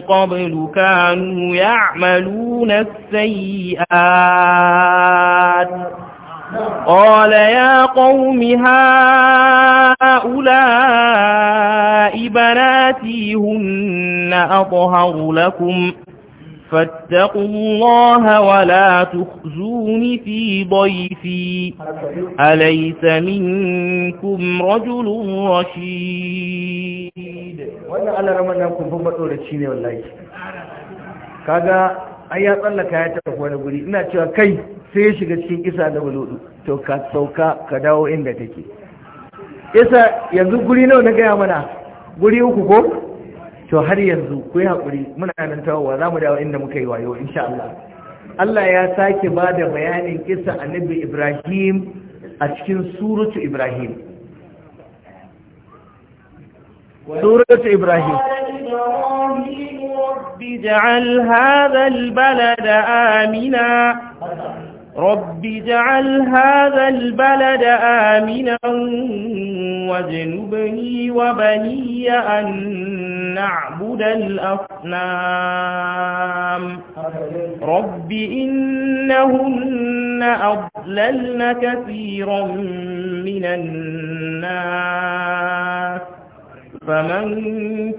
قبل كانوا يعملون السيئات قال يا قوم هؤلاء بناتي هن أطهر لكم فاتقوا الله ولا تخزون في ضيفي أليس منكم رجل رشيد وإن أنا رمنا كنفم بطولة شيني والله كذا أي أطلع كاية تقوانا قولي إنا تشوى كي سيشي قتشين إسا دولو توكا توكا كداو إندا تكي إسا ينزو قولي نو نكي أمنا قولي أكو to har yanzu ku yi haƙuri muna nan tawawa za mu dawo inda muka yi wayo insha Allah Allah ya sake ba da bayanin kisa annabi Ibrahim a cikin suratu Ibrahim suratu Ibrahim ja'al hadha al-balada Amina. رب اجعل هذا البلد آمنا واجنبني وبني أن نعبد الأصنام رب إنهن أضللن كثيرا من الناس فمن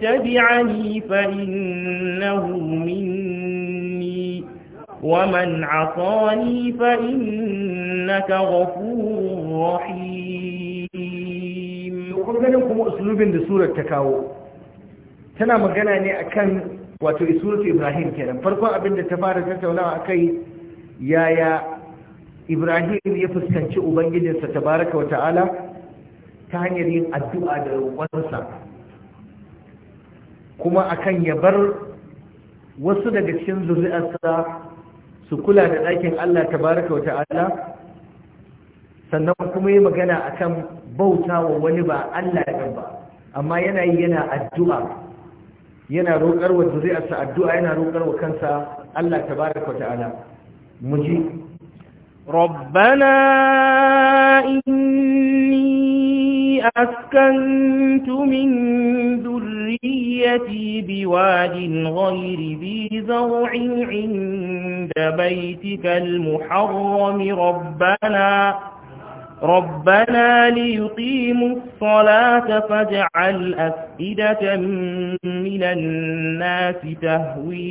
تبعني فإنه مني ومن عصاني فإنك غفور رحيم وكما قلنا da surar ta kawo, tana magana ne akan wato isuratu ibrahim kenan farkon abin da ta fara tattaunawa akai yaya ibrahim ya fuskanci ubangijinsa tabaraka wa ta'ala ta hanyar yin addu'a da roƙonsa kuma akan ya bar wasu daga cikin zuri'arsa su kula da ɗakin Allah tabaraka wa ta'ala sannan kuma yi magana akan bauta wa wani ba Allah ɗin ba amma yana yi yana addu'a yana roƙar wa zuri'arsa addu'a yana roƙar wa kansa Allah tabaraka wa ta'ala mu ji أسكنت من ذريتي بواد غير ذي زرع عند بيتك المحرم ربنا ربنا ليقيموا الصلاة فاجعل أفئدة من الناس تهوي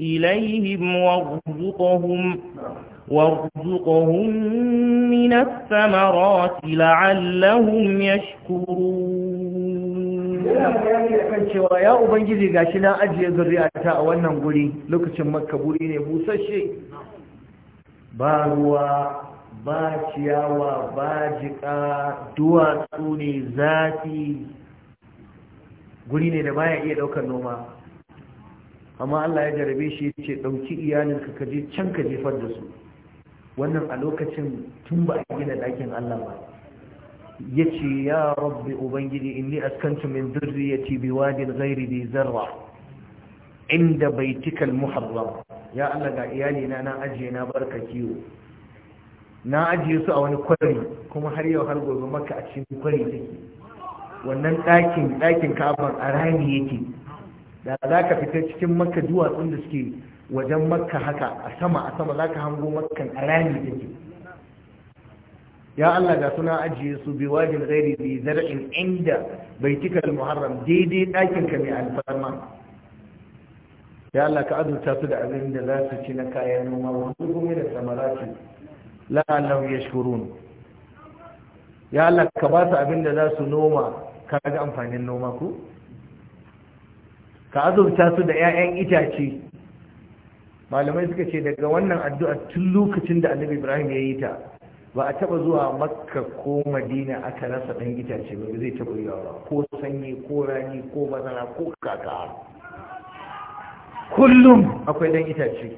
إليهم وارزقهم وارزقهم من الثمرات لعلهم يشكرون ya ubangiji shi na ajiye zuriyata a wannan guri lokacin makka guri ne busasshe ba ruwa ba ciyawa ba jika duwatsu ne zafi guri ne da baya iya daukar noma amma Allah ya jarabe shi ya ce dauki iyalinka ka can ka jefar da su wannan a lokacin tun ba a gina dakin Allah ba ya ce ya rabbi ubangiji inni askantu min zurriyati biwadin ghairi bi zarra inda baitikal muharram ya Allah ga iyali na na ajiye na barka kiwo na ajiye su a wani kwari kuma har yau har gobe maka a cikin kwari take wannan ɗakin ɗakin ka'aban a rami yake da za ka fita cikin maka duwatsun da suke wajen makka haka a sama a sama za ka hango makkan a rami take ya Allah ga suna ajiye su bi wajin ghairi bi zar'in inda baitikal muharram daidai ɗakin ka mai alfarma ya Allah ka azurta su da abin da za su ci na kayan noma wa gumi da ya la'allahu yashkurun ya Allah ka ba su abin da za su noma ka ga amfanin noma ku ka azurta su da 'ya'yan itace malamai suka ce daga wannan addu'a tun lokacin da annabi ibrahim ya yi ta ba a taba zuwa makka ko madina aka rasa ɗan itace ba zai taba yi ba ko sanyi ko rani ko bazana ko kaka kullum akwai ɗan itace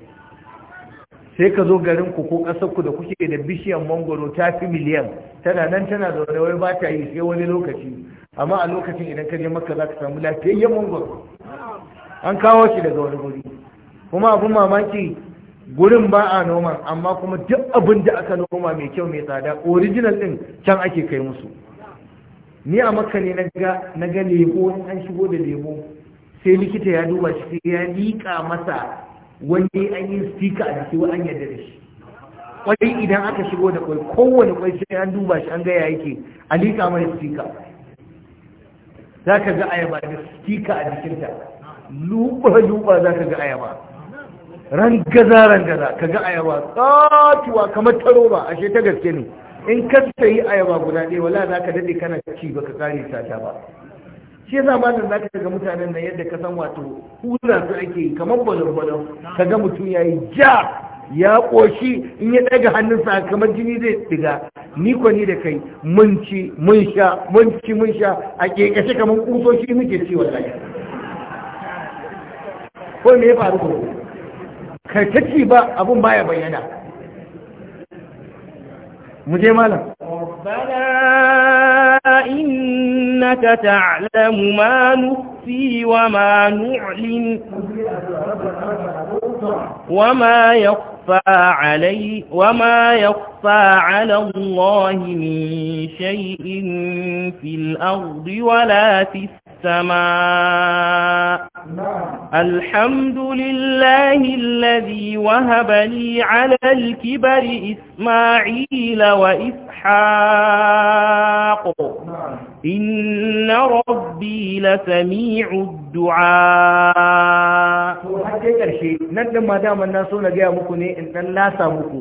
sai ka zo garin ku ko ƙasar ku da kuke da bishiyar mangoro ta fi miliyan tana nan tana da wani ba ta yi sai wani lokaci amma a lokacin idan ka je makka za ka samu lafiyayyen mangoro an kawo shi daga wani wuri kuma abin mamaki gurin ba a noma, amma kuma duk abin da aka noma mai kyau mai tsada original din can ake kai musu ni a maka ne na ga lebo in an shigo da lebo sai likita ya duba shi sai ya liƙa masa wani an yi stika a jiki wa an yarda da shi kwai idan aka shigo da kwai kowane kwai sai an duba shi an ga ya yake a liƙa mai stika za ka ga ayaba da stika a jikinta luba luba za ka ga ayaba rangaza rangaza ka ga ayaba tsatuwa kamar ta roba ashe ta gaske ne in ka sayi ayaba guda ɗaya wala za ka daɗe kana ci ba ka kare sata ba shi yasa ba nan za ka ga mutanen nan yadda ka san wato hula su ake yi kamar balon ka ga mutum ya yi ja ya ƙoshi in ya ɗaga hannunsa kamar jini zai diga ni ko ni da kai mun ci mun sha mun ci mun sha a ƙeƙashe kamar ƙusoshi muke ci wallahi ko me ya faru ko karkaci ba abun baya bayyana mu je malam Bala innaka ta'lamu ma nufi wa ma nu'lin wa ma yakhfa alayhi wa ma yakhfa 'ala Allahi min shay'in fil ardi wa la fis السماء الحمد لله الذي وهب لي على الكبر إسماعيل وإسحاق إن ربي لسميع الدعاء هو har dai karshe nan din ma daman na so الناس gaya muku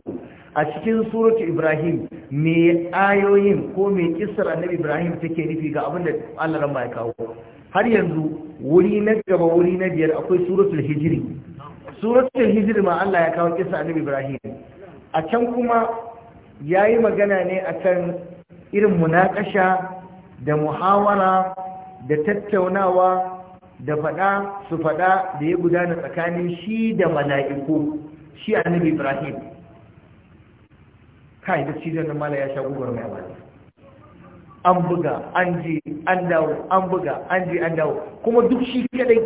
a cikin suratu ibrahim me ayoyin ko me kissar annabi ibrahim take nufi ga abin da allah ran ya kawo har yanzu wuri na gaba wuri na biyar akwai suratul hijiri suratul hijiri ma allah ya kawo kissa annabi ibrahim a can kuma ya yi magana ne akan irin munakasha da muhawara da tattaunawa da faɗa su faɗa da ya gudana tsakanin shi da mala'iku shi annabi ibrahim kai da cizon na mala ya sha gugar mai amana an buga an ji an dawo an buga an ji an dawo kuma duk shi kadai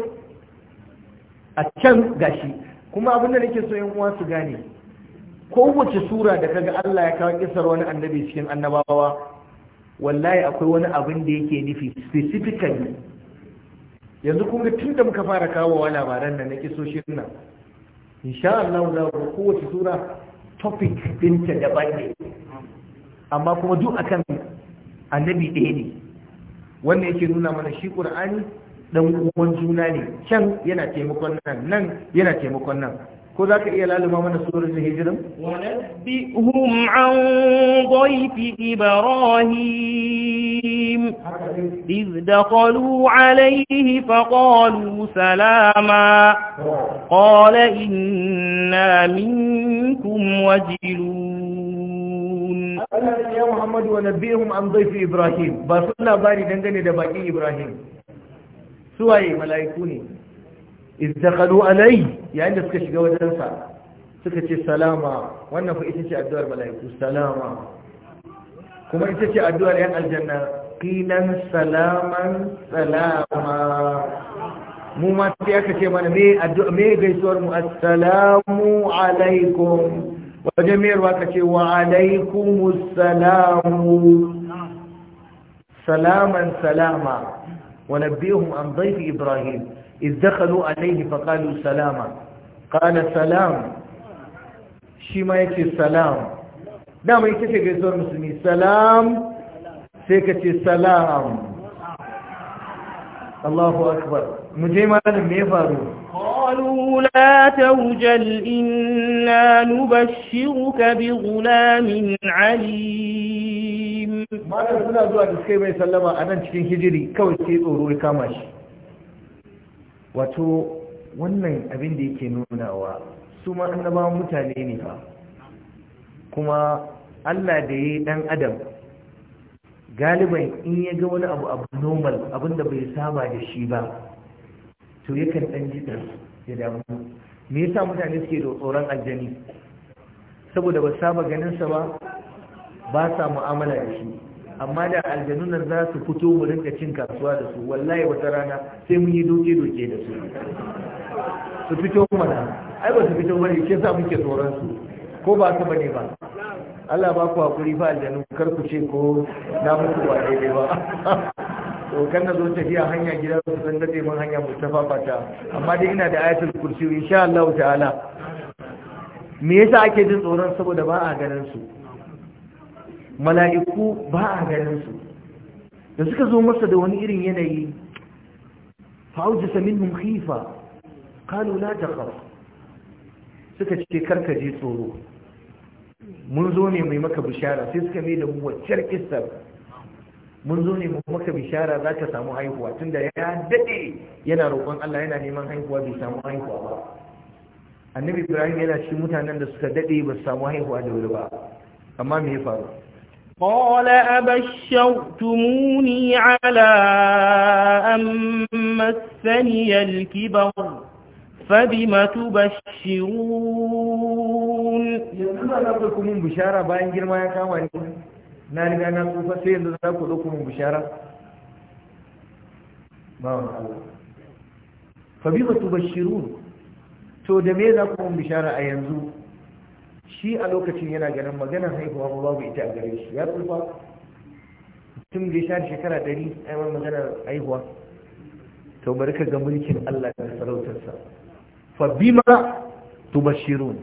a can gashi kuma abin da nake so yan uwa su gane kowace sura da kaga Allah ya kawo kisar wani annabi cikin annabawa wallahi akwai wani abin da yake nufi specifically yanzu kun ga tun da muka fara kawowa labaran nan na kisoshin nan insha Allah za ku kowace sura topic ɗinta daban ne amma kuma duk akan annabi ɗaya ne wannan yake nuna mana shi ƙur'ani dan uwan juna ne can yana taimakon nan nan yana taimakon nan ko za ka iya lalima mana surun da hijirin? wani hum an goyi ibrahim izda kwalu alaihi faƙonu salama ƙola inna minkum wajilu Allah ya Muhammadu wa nabihum an zaifi Ibrahim ba sun labari dangane da bakin Ibrahim suwaye mala'iku ne izdakalu alai yayin da suka shiga wajensa suka ce salama wannan fa ita ce addu'ar mala'iku salama kuma ita ce addu'ar yan aljanna qilan salaman salama mu ma sai aka ce mana me addu'a me gaisuwar mu assalamu alaikum wajen mayarwa ka ce wa alaikumus salamu salaman salama wa nabbihum an dhayfi ibrahim idakhalu alayhi faqalu salama qala salam shima yake salam dama yake ce ga musulmi salam sai ka ce salam Allahu akbar muje malam me faru qalu la tawjal inna nubashshiruka bi ghulamin alim malam suna zuwa da sai mai sallama anan cikin hijiri kawai sai tsoro ya kama wato wannan abin da yake nunawa su ma annabawan mutane ne fa kuma Allah da ya yi ɗan adam galiban in ya ga wani abu abu normal da bai saba da shi ba to yakan ɗan ji ya damu me yasa mutane suke da tsoron aljani saboda ba saba ganin sa ba ba sa mu'amala da shi amma da aljanun za su fito mu rinka cin kasuwa da su wallahi wata rana sai mun yi doke doke da su su fito mana ai ba su fito bane ke sa muke tsoron su ko ba su bane ba Allah ba ku hakuri ba aljanu kar ku ce ko na muku ba daidai ba to kan na zo tafiya hanya gida su san dade mun hanya mu tafafata amma dai ina da ayatul kursi insha Allah ta'ala me yasa ake jin tsoron saboda ba a ganin su mala'iku ba a ganin su da suka zo masa da wani irin yanayi fa'aujisa minhum khifa qalu la takhaf suka ce karka je tsoro mun zo ne mai maka bishara sai suka mai da mu waccar kissar mun zo ne mai maka bishara za ka samu haihuwa tunda ya daɗe. yana roƙon Allah yana neman haihuwa bai samu haihuwa ba annabi Ibrahim yana cikin mutanen da suka daɗe ba su samu haihuwa da wuri ba amma me ya faru قال أبشرتموني على أم السني الكبر فبما تبشرون يجب أن أقولكم من بشارة باين جرما يا كاماني نالي بأن أقولكم سيئن لذلك أقولكم من بشارة ما فبما تبشرون تودميز أقولكم من بشارة أينزو shi a lokacin yana ganin maganar haihuwa ba babu ita a gare shi ya tsufa tun da ya sha shekara ɗari a yawan maganar haihuwa to bari ka ga mulkin Allah da sarautarsa fa bi bima tubashirun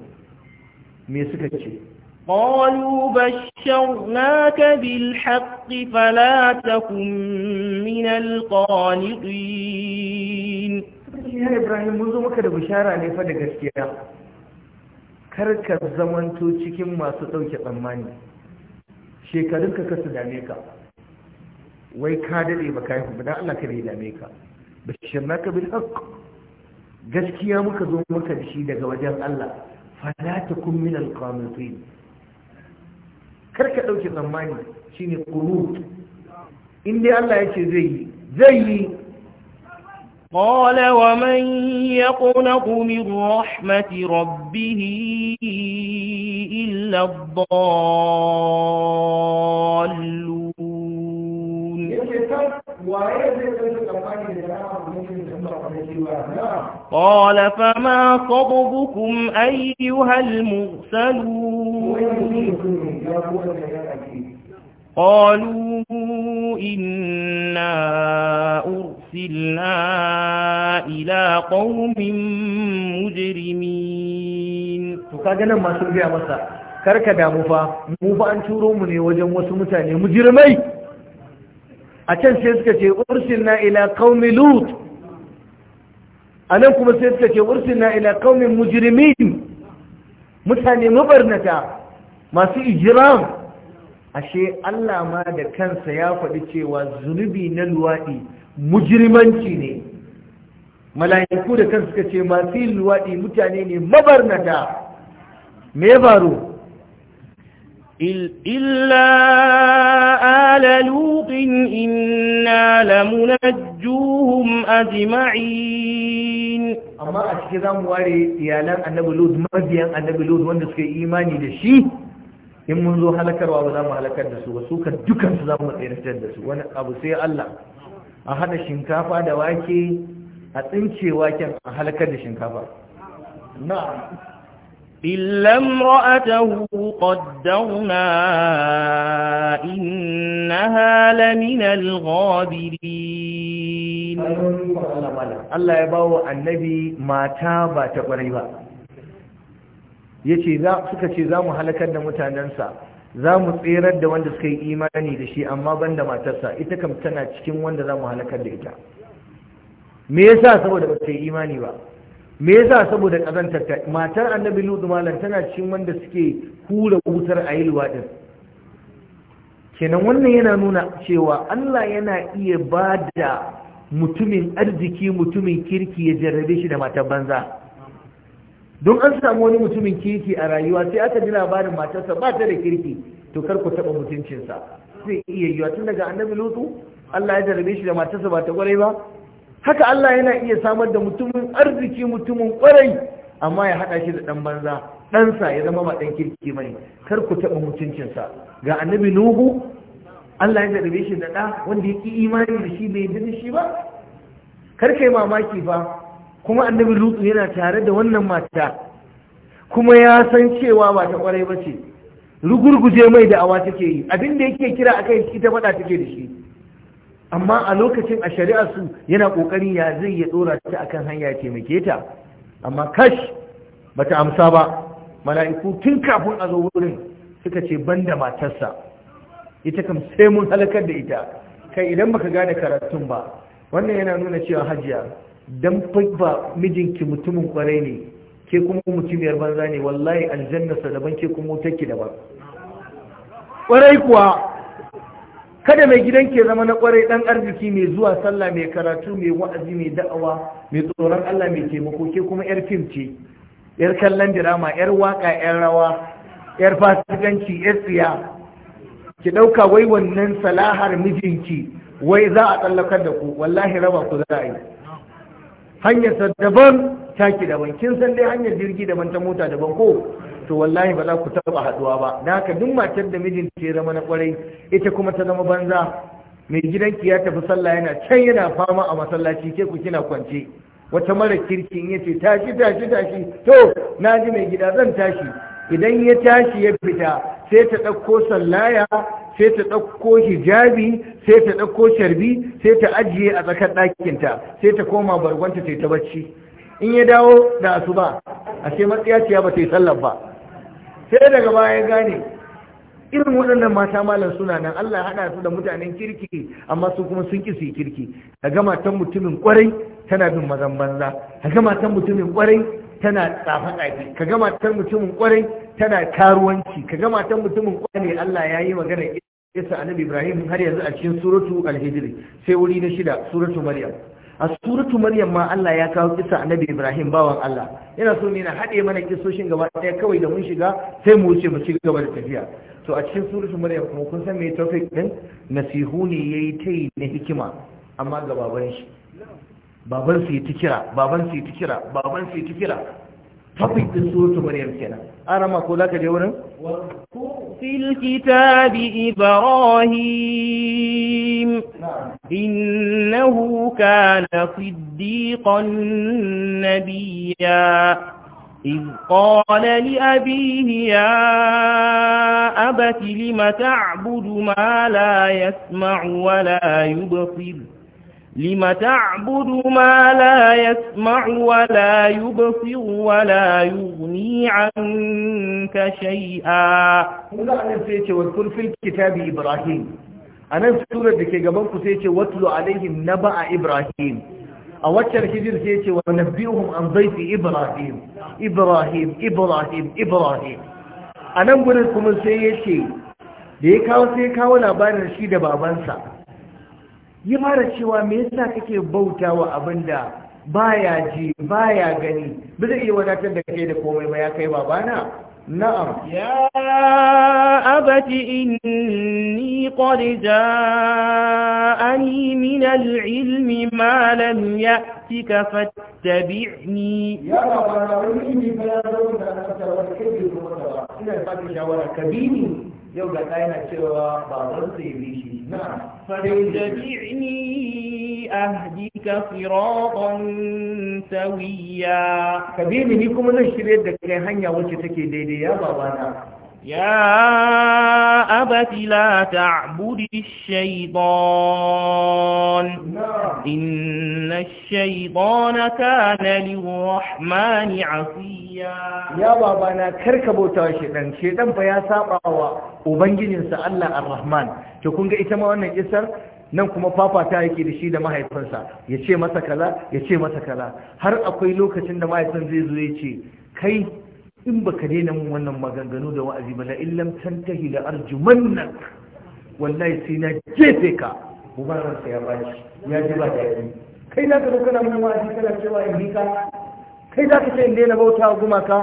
me suka ce takum min al فلا Ibrahim mun zo maka da bishara ne fa da gaskiya. karka zamanto cikin masu ɗauke tsammani shekarunka ka su dame ka wai ka daɗe ba kayan kuma Allah ka ne dame ka bashir naka bil haqq gaskiya muka zo muka da shi daga wajen Allah fala takun min al karka ɗauke tsammani shine qunut in dai Allah ya ce zai yi zai yi قال ومن يقنط من رحمة ربه إلا الضالون قال فما صببكم أيها المرسلون قالوا إنا أرسلنا إلى قوم مجرمين فقالنا ما سلقيا مسا كركا دا موفا موفا انشورو مني وجم وسمتاني مجرمي أتن سيسكا تي أرسلنا إلى قوم لوط أنكم سيسكا تي أرسلنا إلى قوم مجرمين متاني مبرنتا ما سي إجرام ashe Allah ma da kansa ya faɗi cewa zunubi na luwaɗi mujirmanci ne mala'iku da kansu suka ce masu luwaɗi mutane ne mabarnata me faru illa ala luqin inna lamunajjuhum ajma'in amma a cikin zamu ware iyalan annabi Lut mabiyan annabi Lut wanda suka yi imani da shi in mun zo halakarwa ba za mu halakar da su ba su ka dukansu za mu tsayar da su wani abu sai Allah a hada shinkafa da wake a tsince waken a halakar da shinkafa na'am إلا امرأته قدرنا إنها لمن الغابرين Annabi mata ba ta تاب ba. yace za suka ce za mu halakar da mutanensa za mu tserar da wanda suka yi imani da shi amma banda matarsa ita kam tana cikin wanda za mu halakar da ita me yasa saboda ba ta yi imani ba me yasa saboda kazantar ta matar annabi lutu malam tana cikin wanda suke hura wutar a yilwa din kenan wannan yana nuna cewa Allah yana iya ba da mutumin arziki mutumin kirki ya jarrabe shi da matar banza don an samu wani mutumin kirki a rayuwa sai aka ji labarin matarsa ba ta da kirki to kar ku taɓa mutuncinsa zai iya yiwa tun daga annabi lutu Allah ya jarabe shi da matarsa ba ta kwarai ba haka Allah yana iya samar da mutumin arziki mutumin kwarai amma ya haɗa shi da ɗan banza ɗansa ya zama ba ɗan kirki mai kar ku taɓa mutuncinsa ga annabi nuhu Allah ya jarabe shi da ɗa wanda ya ƙi imani da shi bai yi shi ba kar kai mamaki fa. kuma annabi lutsu yana tare da wannan mata kuma ya san cewa ba ta kwarai ba ce rugurguje mai da awa take yi abin da yake kira a kai ita faɗa take da shi amma a lokacin a shari'ar su yana ƙoƙarin ya zai ya ɗora ta akan hanya ya taimake ta amma kash bata amsa ba mala'iku tun kafin a zo wurin suka ce banda matarsa ita kam sai mun halakar da ita kai idan baka gane karatun ba wannan yana nuna cewa hajiya dan ba mijinki mutumin kwarai ne ke kuma mutumiyar banza ne wallahi aljannarsa daban ke kuma wutarki daban kwarai kuwa kada mai gidan ke zama na kwarai dan arziki mai zuwa sallah mai karatu mai wa'azi mai da'awa mai tsoron Allah mai taimako ke kuma yar fim ce yar kallon dirama yar waka yar rawa yar fasikanci yar tsiya ki ɗauka, wai wannan salahar mijinki wai za a tsallakar da ku wallahi raba ku za a yi hanyarsa daban taki daban kin san dai hanyar jirgi daban ta mota daban ko to wallahi ba za ku taba haduwa ba Na haka duk matar da mijin ce zama na kwarai ita kuma ta zama banza mai gidanki ya tafi sallah yana can yana fama a masallaci ke ku kina kwance wata mara kirki in yace tashi tashi tashi to na ji mai gida zan tashi idan ya tashi ya fita sai ta ɗauko sallaya sai ta ɗauko hijabi sai ta ɗauko sharbi sai ta ajiye a tsakar ɗakinta sai ta koma bargonta sai ta bacci in ya dawo da asuba a ce matsiyaciya ba ta yi sallar ba sai daga baya gane irin waɗannan mata malam suna nan Allah hana su da mutanen kirki amma su kuma sun kisi kirki a gama ta mutumin ƙwarai tana bin mazan banza a gama ta mutumin ƙwarai tana tsafa ɗaki ka gama ta mutumin ƙwarai tana karuwanci ka gama ta mutumin ƙwarai Allah ya yi magana yasa annabi ibrahim har yanzu a cikin suratu al sai wuri na shida suratu maryam a suratu maryam ma Allah ya kawo kisa annabi ibrahim bawan Allah yana so ne na haɗe mana kisoshin gaba ɗaya kawai da mun shiga sai mu wuce mu ci gaba da tafiya to a cikin suratu maryam kuma kun san me topic din nasihu ne yayi ta yi na hikima amma ga baban shi baban su yi ta kira baban su yi ta kira baban su yi ta kira topic din suratu maryam kenan أنا ما أقول لك جونه في الكتاب إبراهيم نعم. إنه كان صديقا نبيا إذ قال لأبيه يا أبت لم تعبد ما لا يسمع ولا يبصر لم تعبد ما لا يسمع ولا يبصر ولا يغني عنك شيئا هنا أنا سيتي واذكر في الكتاب إبراهيم أنا سورة دكي قبلك سيتي واتل عليهم نبأ إبراهيم أوتر هجر سيتي ونبئهم عن ضيف إبراهيم إبراهيم إبراهيم إبراهيم أنا أقول لكم سيتي da ya kawo sai ya kawo labarin shi da babansa yi mara cewa me yasa kake bauta wa abin bautawa abinda baya ji ya gani ba zai iya wadatar da kai da komai ba ya kai babana na'am ya abati inni qad ja'ani min al-ilmi ma lam ya'tika fattabi'ni ya babana wani ne ba ya zo da na tsara wani kai da ba ina da fatan shawara kabini yau ga ta yana cewa baban sai bi shi na fadjini ahdika siratan sawiya kabini ni kuma zan shirya da kai hanya wacce take daidai ya babana يا أبت لا تعبد الشيطان إن الشيطان كان للرحمن عصيا يا بابا أنا كركبو تاشيطان شيطان فيا ساقا وبنجل وبنجنس الله الرحمن تكون ما أنا جسر nan kuma ta yake da shi da mahaifinsa ya ce masa kaza ya ce masa kaza har akwai lokacin da mahaifin zai zo ya ce kai in ka daina mun wannan maganganu da wa'azi ba la illam tantahi la arjumannak wallahi sai na jefe ka ubaran sa ya baci ya ji ba daɗi kai za ka zo kana mun wa'azi kana cewa in bi ka kai za ka ce in daina bauta gumaka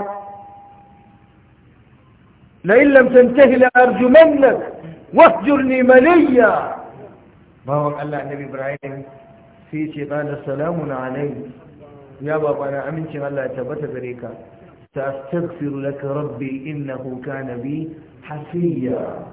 la illam tantahi la arjumannak wahjurni maliya bawan Allah annabi Ibrahim sai ce qala salamun alayhi ya babana amincin Allah ya tabbata gare ka na سأستغفر لك ربي إنه كان بي حسيا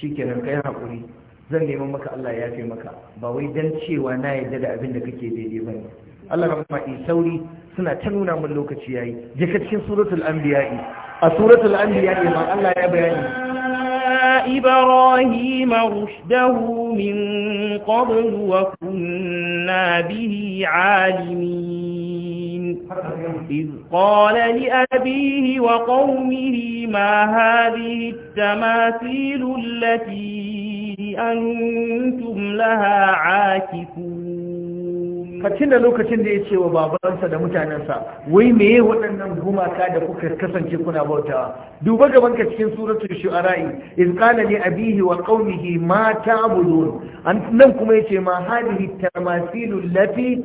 shikenan kai hakuri zan nema maka Allah ya fi maka ba wai dan cewa na yadda da abin da kake daidai bane Allah rahma in sauri suna ta nuna min lokaci yayi je cikin suratul anbiya'i a suratul anbiya'i ma Allah ya bayani إبراهيم رشده من قبل وكنا به عالمين إذ قال لأبيه وقومه ما هذه التماثيل التي أنتم لها عاكفون ka tuna lokacin da ya ce wa babansa da mutanensa wai meye waɗannan gumaka da kuka kasance kuna bautawa duba gaban ka cikin suratul shu'ara'i iz qala li abihi wa qaumihi ma ta'budun nan kuma yace ma hadhihi tamasilu lati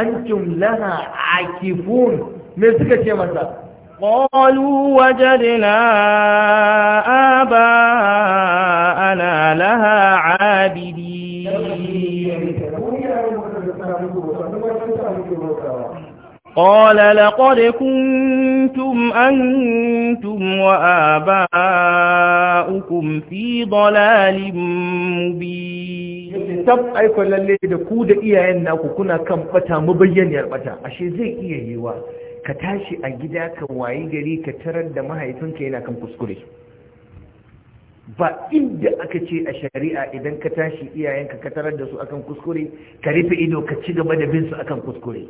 antum laha akifun me suka ce masa قالوا وجدنا آباءنا لها عابدين قال لقد كنتم أنتم وآباؤكم في ضلال مبين tab aiko lalle da ku da iyayen naku kuna kan bata mabayyaniyar ɓata, ashe zai iya yiwuwa, ka tashi a gida ka wayi gari ka tarar da mahaifinka yana kan kuskure ba inda aka ce a shari'a idan ka tashi iyayenka ka tarar da su akan kuskure ka rufe ido ka ci gaba da bin su akan kuskure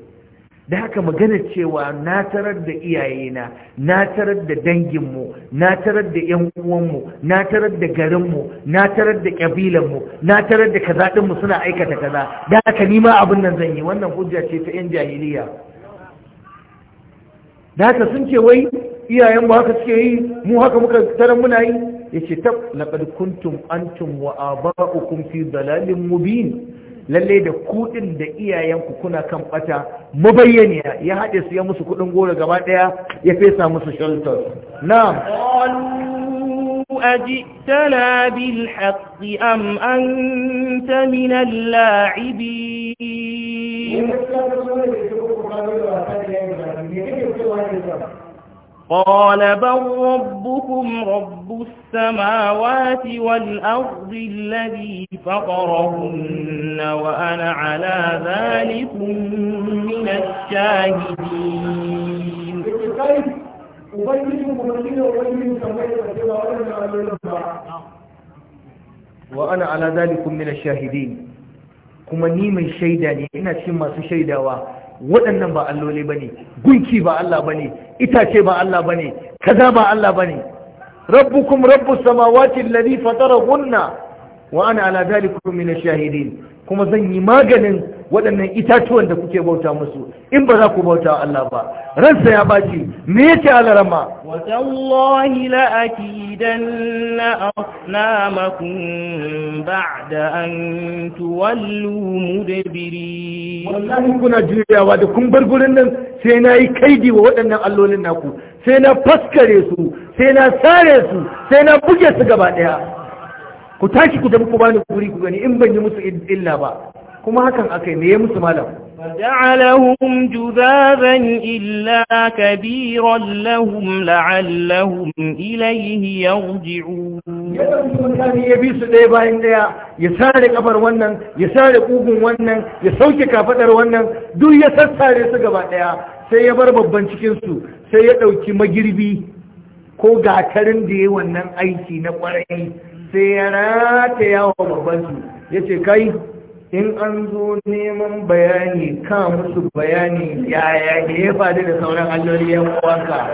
da haka magana cewa na tarar da iyayena na tarar da danginmu na tarar da yan uwanmu na tarar da garinmu na tarar da kabilanmu na tarar da kazaɗinmu suna aikata kaza da haka nima abin nan zan yi wannan hujja ce ta yan jahiliya da haka sun ce wai iyayenmu haka suke yi mu haka muka tarar muna yi yace tab laqad kuntum antum wa aba'ukum fi dalalin mubin lalle da kudin da iyayenku kuna kan bata mabayyaniya ya hade su ya musu kudin goro gaba daya ya fesa musu shelter na'am أجئتنا بالحق أم أنت من اللاعبين قال بل ربكم رب السماوات والأرض الذي فقرهن وأنا على ذلك من الشاهدين وأنا على ذلك من الشاهدين كما ني من شيدا إنا شما سشيدا waɗannan ba alloli ba ne gunki ba Allah ba ne itace ba Allah ba ne kaza ba Allah ba ne rabbukum rabbu samawati alladhi fatara gunna wa ana ala dhalikum min shahidin kuma zan yi maganin waɗannan itatuwan da kuke bauta musu in ba za ku bauta wa Allah ba ransa ya baci me yake alarama watallahi la'akidanna asnamakum ba'da an tuwallu mudabiri wallahi kuna juyawa da kun bar gurin nan sai na yi kaidi wa waɗannan allolin naku sai na faskare su sai na sare su sai na buge su gaba ɗaya ku tashi ku tafi ku bani guri ku gani in ban yi musu illa ba kuma hakan aka yi me ya musu malam فجعلهم جذابا إلا كبيرا لهم لعلهم إليه ya bi su ɗaya bayan ɗaya ya sare kafar wannan ya sare ƙugun wannan ya sauke kafaɗar wannan duk ya sassare su gaba ɗaya sai ya bar babban cikinsu sai ya ɗauki magirbi ko gatarin da ya wannan aiki na kwarai, sai ya rataya wa babbansu ya ce kai in an zo neman bayani ka musu bayani ya da ya faɗi da sauran alloli yan uwanka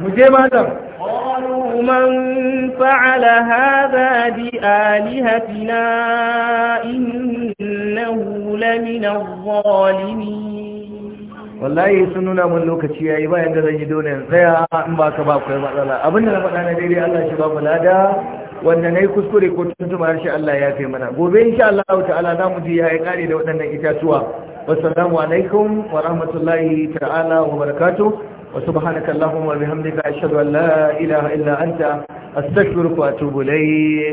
mu je malam qalu man fa'ala hadha bi alihatina innahu la min adh-dhalimin wallahi sun nuna mun lokaci yayi bayan da zan yi dole in tsaya in ba ka ba ku matsala da na faɗa na daidai Allah shi ba mu lada wanda nayi kuskure ko tuntuma shi Allah ya kai mana gobe insha Allah ta'ala za mu ya yayi kare da waɗannan itatuwa wassalamu alaikum wa rahmatullahi ta'ala wa barakatuh wa subhanaka allahumma wa bihamdika ashhadu an la ilaha illa anta astaghfiruka wa atubu ilayk